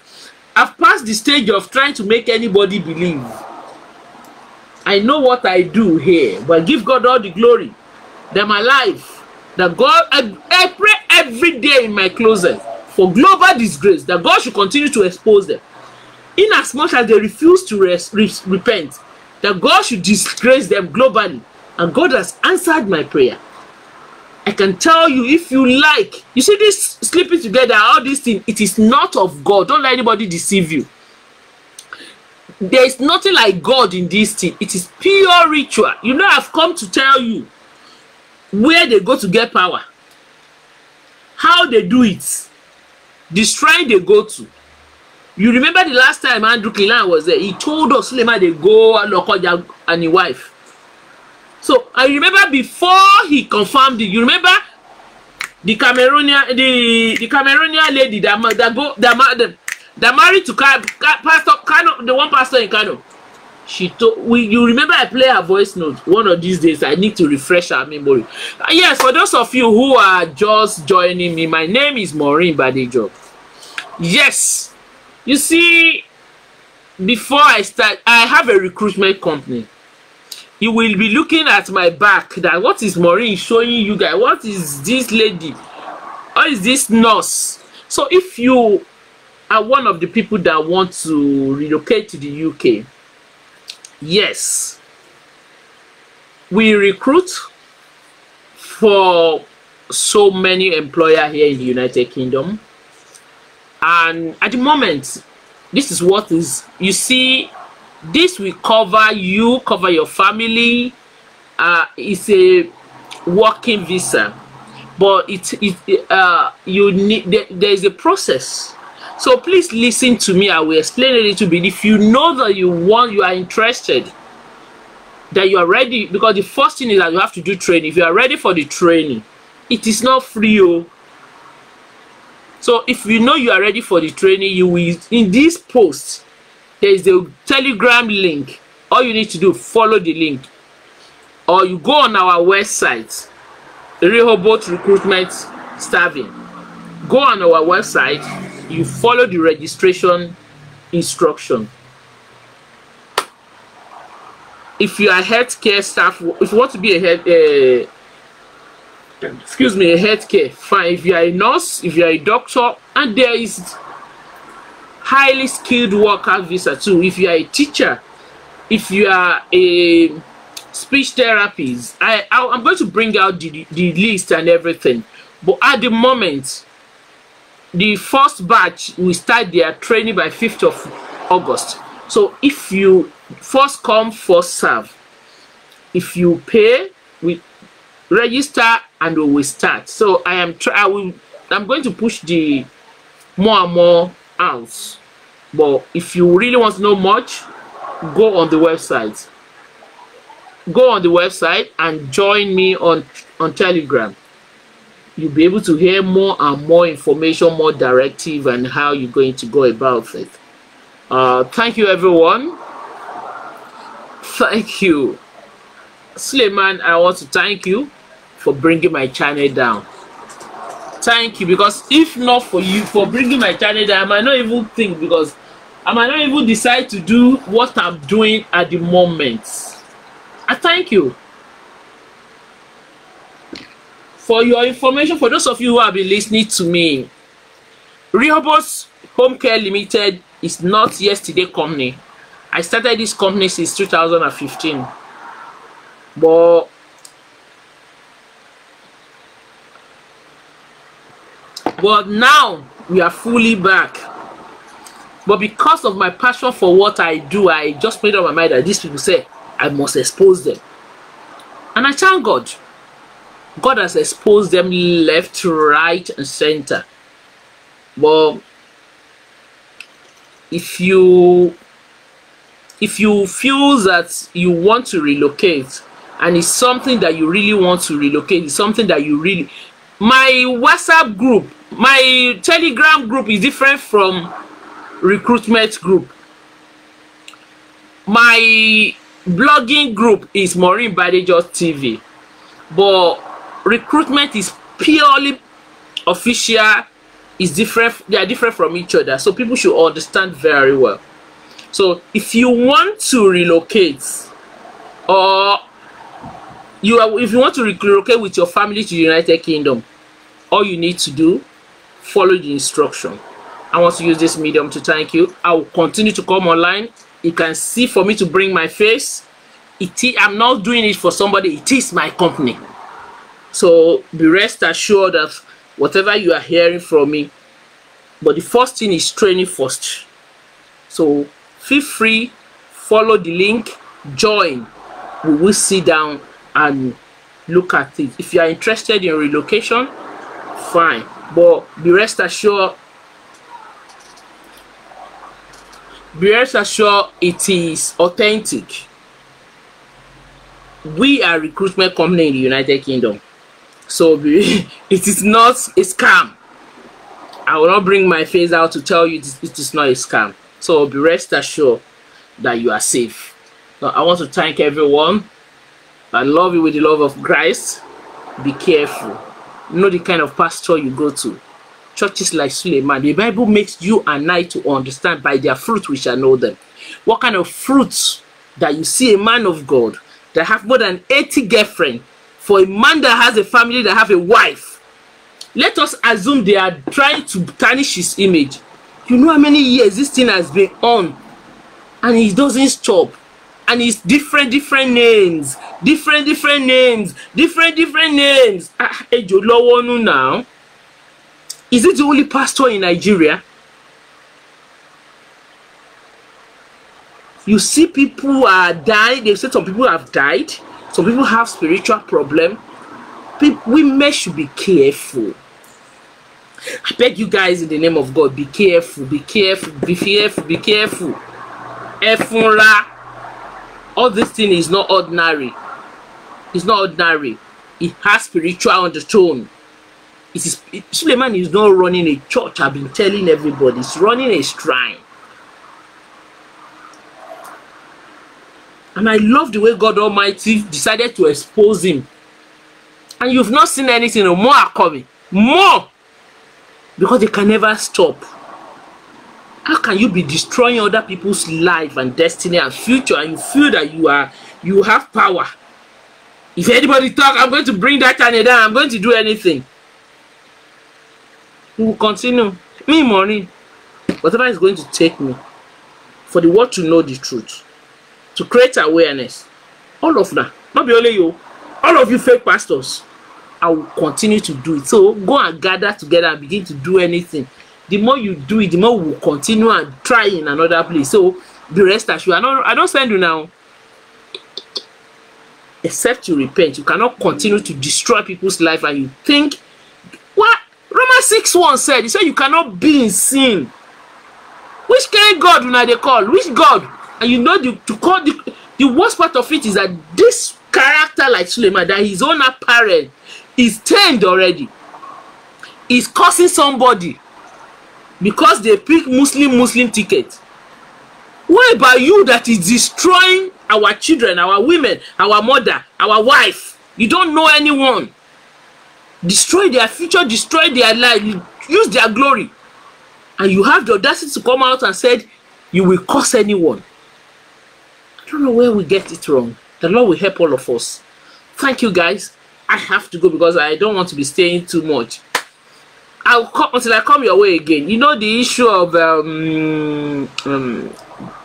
B: I've passed the stage of trying to make anybody believe. I know what I do here, but give God all the glory that my life, that God, I, I pray every day in my closet for global disgrace, that God should continue to expose them. inasmuch as they refuse to re re repent, that God should disgrace them globally. And God has answered my prayer. I can tell you if you like. You see, this sleeping together, all these things, it is not of God. Don't let anybody deceive you there is nothing like God in this thing. It is pure ritual. You know, I've come to tell you where they go to get power, how they do it, the shrine they go to. You remember the last time Andrew Cleland was there, he told us Suleiman they go Lokoja and his wife. So I remember before he confirmed it, you remember the Cameroonian the, the Cameroonian lady that, that go that, that They're married to Ka Pastor Kano, the one pastor in Kano. She told we you remember I play her voice note one of these days. I need to refresh her memory. Uh, yes, for those of you who are just joining me, my name is Maureen Badejo. Yes, you see, before I start, I have a recruitment company. You will be looking at my back that what is Maureen showing you guys? What is this lady? What is this nurse? So if you are one of the people that want to relocate to the UK. Yes, we recruit for so many employer here in the United Kingdom. And at the moment, this is what is, you see, this will cover you, cover your family. Uh, it's a working visa, but it, it uh, you need, there, there is a process So please listen to me. I will explain a little bit. If you know that you want, you are interested, that you are ready, because the first thing is that you have to do training. If you are ready for the training, it is not free. Oh. So if you know you are ready for the training, you will, in this post, there is a telegram link. All you need to do, follow the link. Or you go on our website, Rehoboth Recruitment Starving. Go on our website, you follow the registration instruction. If you are healthcare staff, if you want to be a health, uh, excuse me, a healthcare, fine. If you are a nurse, if you are a doctor, and there is highly skilled worker visa too. If you are a teacher, if you are a speech therapist, I, I am going to bring out the, the list and everything. But at the moment, the first batch will start their training by 5th of August. So if you first come, first serve. If you pay, we register and we will start. So I am try I will I'm going to push the more and more out. But if you really want to know much, go on the website. Go on the website and join me on on Telegram you'll be able to hear more and more information, more directive, and how you're going to go about it. Uh, thank you, everyone. Thank you. Suleiman, I want to thank you for bringing my channel down. Thank you, because if not for you, for bringing my channel down, I might not even think, because I might not even decide to do what I'm doing at the moment. I thank you for your information, for those of you who have been listening to me, Rehoboth Home Care Limited is not yesterday company. I started this company since 2015. But but now we are fully back. But because of my passion for what I do, I just made up my mind that these people say I must expose them. And I thank God. God has exposed them left, right, and center. But if you if you feel that you want to relocate and it's something that you really want to relocate, it's something that you really my WhatsApp group, my Telegram group is different from recruitment group. My blogging group is Maureen Badejo TV. But recruitment is purely official is different they are different from each other so people should understand very well so if you want to relocate or you are, if you want to relocate with your family to the united kingdom all you need to do follow the instruction i want to use this medium to thank you i will continue to come online you can see for me to bring my face It. is, i'm not doing it for somebody it is my company So be rest assured that whatever you are hearing from me, but the first thing is training first. So feel free, follow the link, join. We will sit down and look at it. If you are interested in relocation, fine. But be rest assured, be rest assured it is authentic. We are recruitment company in the United Kingdom. So it is not a scam. I will not bring my face out to tell you it is not a scam. So be rest assured that you are safe. I want to thank everyone. I love you with the love of Christ. Be careful. Know the kind of pastor you go to. Churches like Suleiman, the Bible makes you and I to understand by their fruit we shall know them. What kind of fruits that you see a man of God that have more than 80 girlfriends for a man that has a family that have a wife let us assume they are trying to tarnish his image you know how many years this thing has been on and it doesn't stop and it's different different names different different names different different names ah ejo lowonu now is it the only pastor in nigeria you see people are dying they say some people have died Some people have spiritual problem. People, women should be careful. I beg you guys in the name of God, be careful, be careful, be careful, be careful. Efunra. All this thing is not ordinary. It's not ordinary. It has spiritual undertone. It is it, Suleiman is not running a church. I've been telling everybody, he's running a shrine. And I love the way God Almighty decided to expose him. And you've not seen anything, more are coming. More! Because they can never stop. How can you be destroying other people's life and destiny and future and you feel that you are you have power? If anybody talk, I'm going to bring that channel down, I'm going to do anything. We will continue. Me money. Whatever is going to take me. For the world to know the truth. to create awareness. All of that. Not be only you. All of you fake pastors. I will continue to do it. So go and gather together and begin to do anything. The more you do it, the more we will continue and try in another place. So the rest assured. I don't, I don't send you now. Except you repent. You cannot continue to destroy people's life and you think, what? Romans 6 1 said, he said you cannot be in sin. Which kind God una dey call? Which God? and you know the to call the the worst part of it is that this character like Suleiman that his own apparent is turned already is cursing somebody because they pick muslim muslim ticket what about you that is destroying our children our women our mother our wife you don't know anyone destroy their future destroy their life use their glory and you have the audacity to come out and said you will curse anyone don't know where we get it wrong. The Lord will help all of us. Thank you guys. I have to go because I don't want to be staying too much. I'll come until I come your way again. You know the issue of um, um,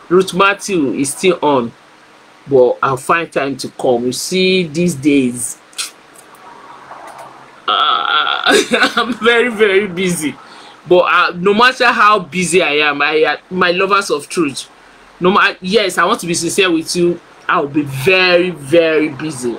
B: Ruth Matthew is still on, but I'll find time to come. You see, these days, uh, I'm very very busy. But uh, no matter how busy I am, I uh, my lovers of truth, no matter yes i want to be sincere with you i'll be very very busy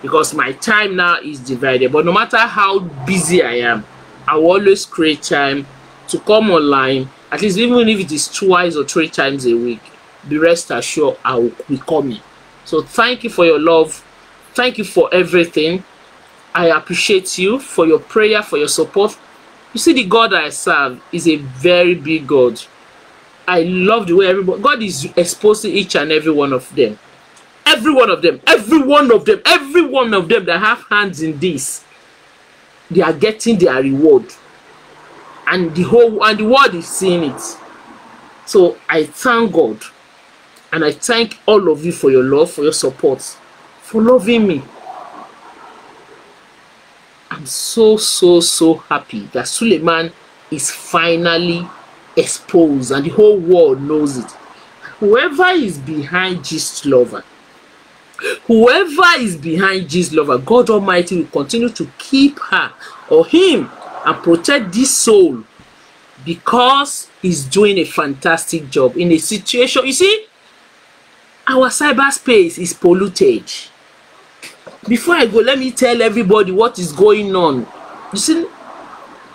B: because my time now is divided but no matter how busy i am i will always create time to come online at least even if it is twice or three times a week be rest assured i will be coming so thank you for your love thank you for everything i appreciate you for your prayer for your support you see the god i serve is a very big god I love the way everybody God is exposing each and every one of them. Every one of them, every one of them, every one of them that have hands in this, they are getting their reward. And the whole and the world is seeing it. So I thank God and I thank all of you for your love, for your support, for loving me. I'm so so so happy that Suleiman is finally exposed and the whole world knows it whoever is behind this lover whoever is behind this lover god almighty will continue to keep her or him and protect this soul because he's doing a fantastic job in a situation you see our cyberspace is polluted before i go let me tell everybody what is going on you see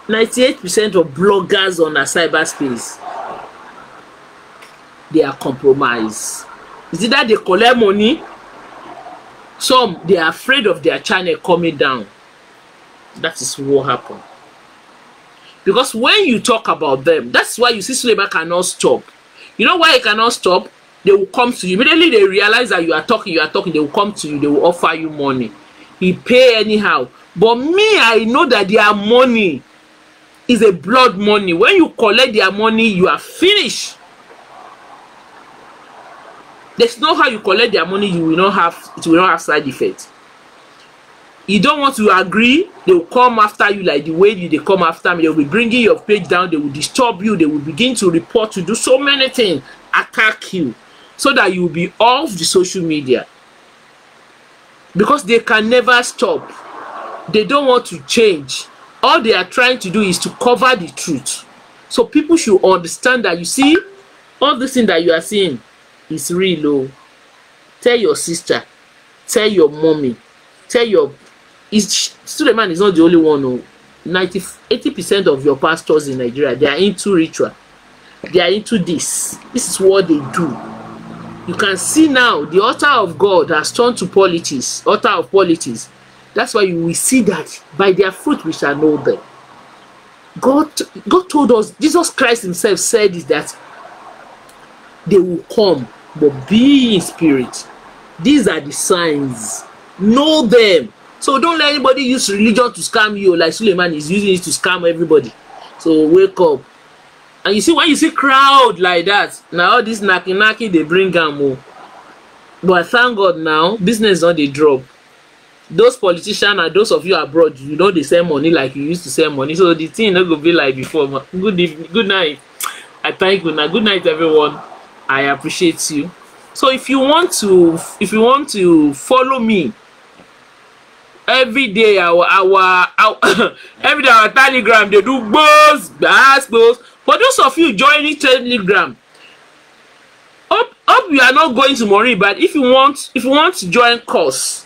B: 98 percent of bloggers on our cyberspace they are compromised is it that they collect money some they are afraid of their channel coming down that is what happen because when you talk about them that's why you see Suleiman cannot stop you know why he cannot stop they will come to you immediately they realize that you are talking you are talking they will come to you they will offer you money he pay anyhow but me i know that are money is a blood money when you collect their money you are finished there's no how you collect their money you will not have it will not have side effect you don't want to agree they will come after you like the way you They come after me they will be bringing your page down they will disturb you they will begin to report to do so many things attack you so that you will be off the social media because they can never stop they don't want to change all they are trying to do is to cover the truth so people should understand that you see all this thing that you are seeing is real oh. tell your sister tell your mommy tell your is Suleiman is not the only one oh. ninety eighty percent of your pastors in Nigeria they are into ritual they are into this this is what they do you can see now the author of God has turned to politics Author of politics That's why we will see that by their fruit we shall know them. God, God told us, Jesus Christ Himself said is that they will come, but be in spirit. These are the signs. Know them. So don't let anybody use religion to scam you, like Suleiman is using it to scam everybody. So wake up. And you see, when you see crowd like that, now all this naki naki they bring am. Oh. But thank God now, business on the drop. those politicians and those of you abroad you know dey send money like you used to send money so the thing no go be like before ma good evening good night i thank una good night everyone i appreciate you so if you want to if you want to follow me every day our our, our every day our telegram dey do gbos gbas gbos for those of you joining telegram hope hope you are not going to mori but if you want if you want to join course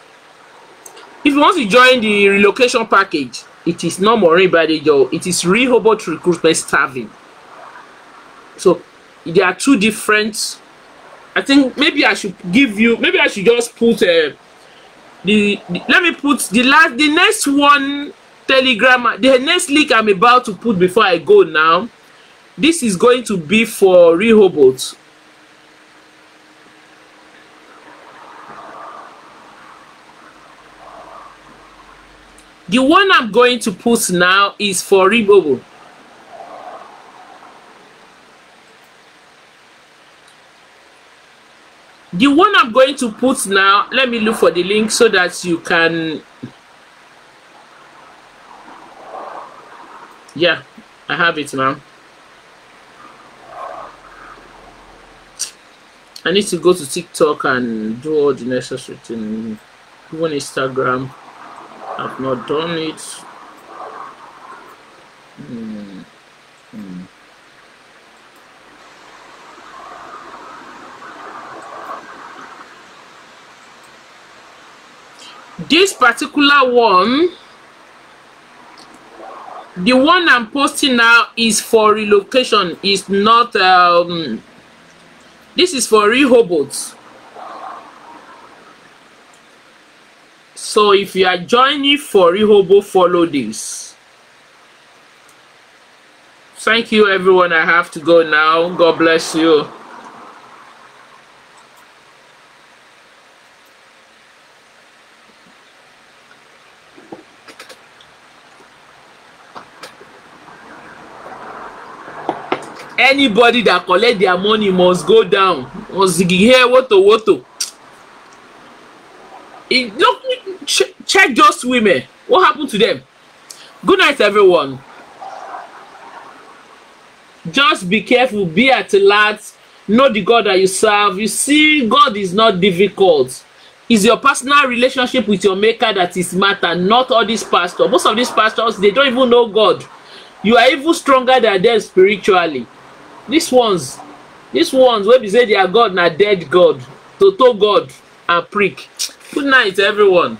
B: If you want to join the relocation package, it is not more anybody. Badejo, it is Rehoboth Recruitment Staffing. So there are two different. I think maybe I should give you. Maybe I should just put uh, the, the. Let me put the last. The next one telegram. The next link I'm about to put before I go now. This is going to be for Rehoboth. The one I'm going to put now is for Ribobo. The one I'm going to put now, let me look for the link so that you can... Yeah, I have it now. I need to go to TikTok and do all the necessary Do Even Instagram. I've not done it. Hmm. Hmm. This particular one, the one I'm posting now is for relocation, is not, um, this is for Rehoboth. So if you are joining for Rehobo, follow this. Thank you, everyone. I have to go now. God bless you. Anybody that collect their money must go down. Must hear woto woto it, look, ch check those women. What happened to them? Good night, everyone. Just be careful, be alert, know the God that you serve. You see, God is not difficult. It's your personal relationship with your maker that is matter, not all these pastors. Most of these pastors, they don't even know God. You are even stronger than them spiritually. These ones, these ones, when they say they are God, now dead God, Toto God, and prick. Good night, everyone.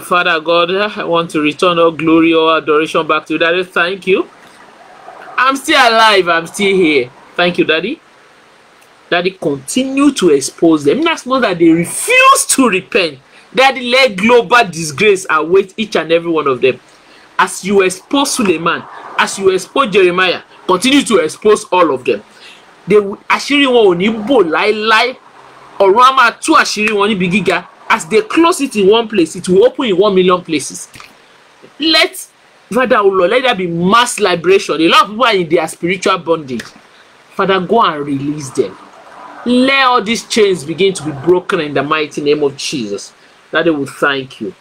B: Father God, I want to return all glory, all adoration back to you, Daddy. Thank you. I'm still alive. I'm still here. Thank you, Daddy. Daddy, continue to expose them. That's more that they refuse to repent. Daddy, let global disgrace await each and every one of them. As you expose Suleiman, as you expose Jeremiah, continue to expose all of them. They, àṣírí wọn ò ní lie, lie ọ̀run á máa tú àṣírí wọn níbi gíga as they close it in one place it will open in one million places let father o lord let there be mass liberation a lot of people are in their spiritual bondage father go and release them let all these chains begin to be broken in the mighty name of jesus That they will thank you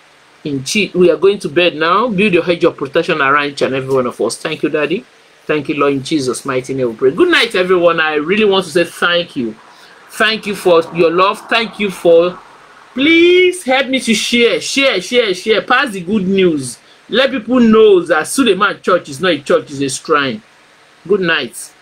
B: in G we are going to bed now build your hedge of protection around each and every one of us thank you daddy thank you lord in jesus mighty name we pray good night everyone i really want to say thank you Thank you for your love. Thank you for. Please help me to share, share, share, share. Pass the good news. Let people know that Suleiman Church is not a church, it's a shrine. Good night.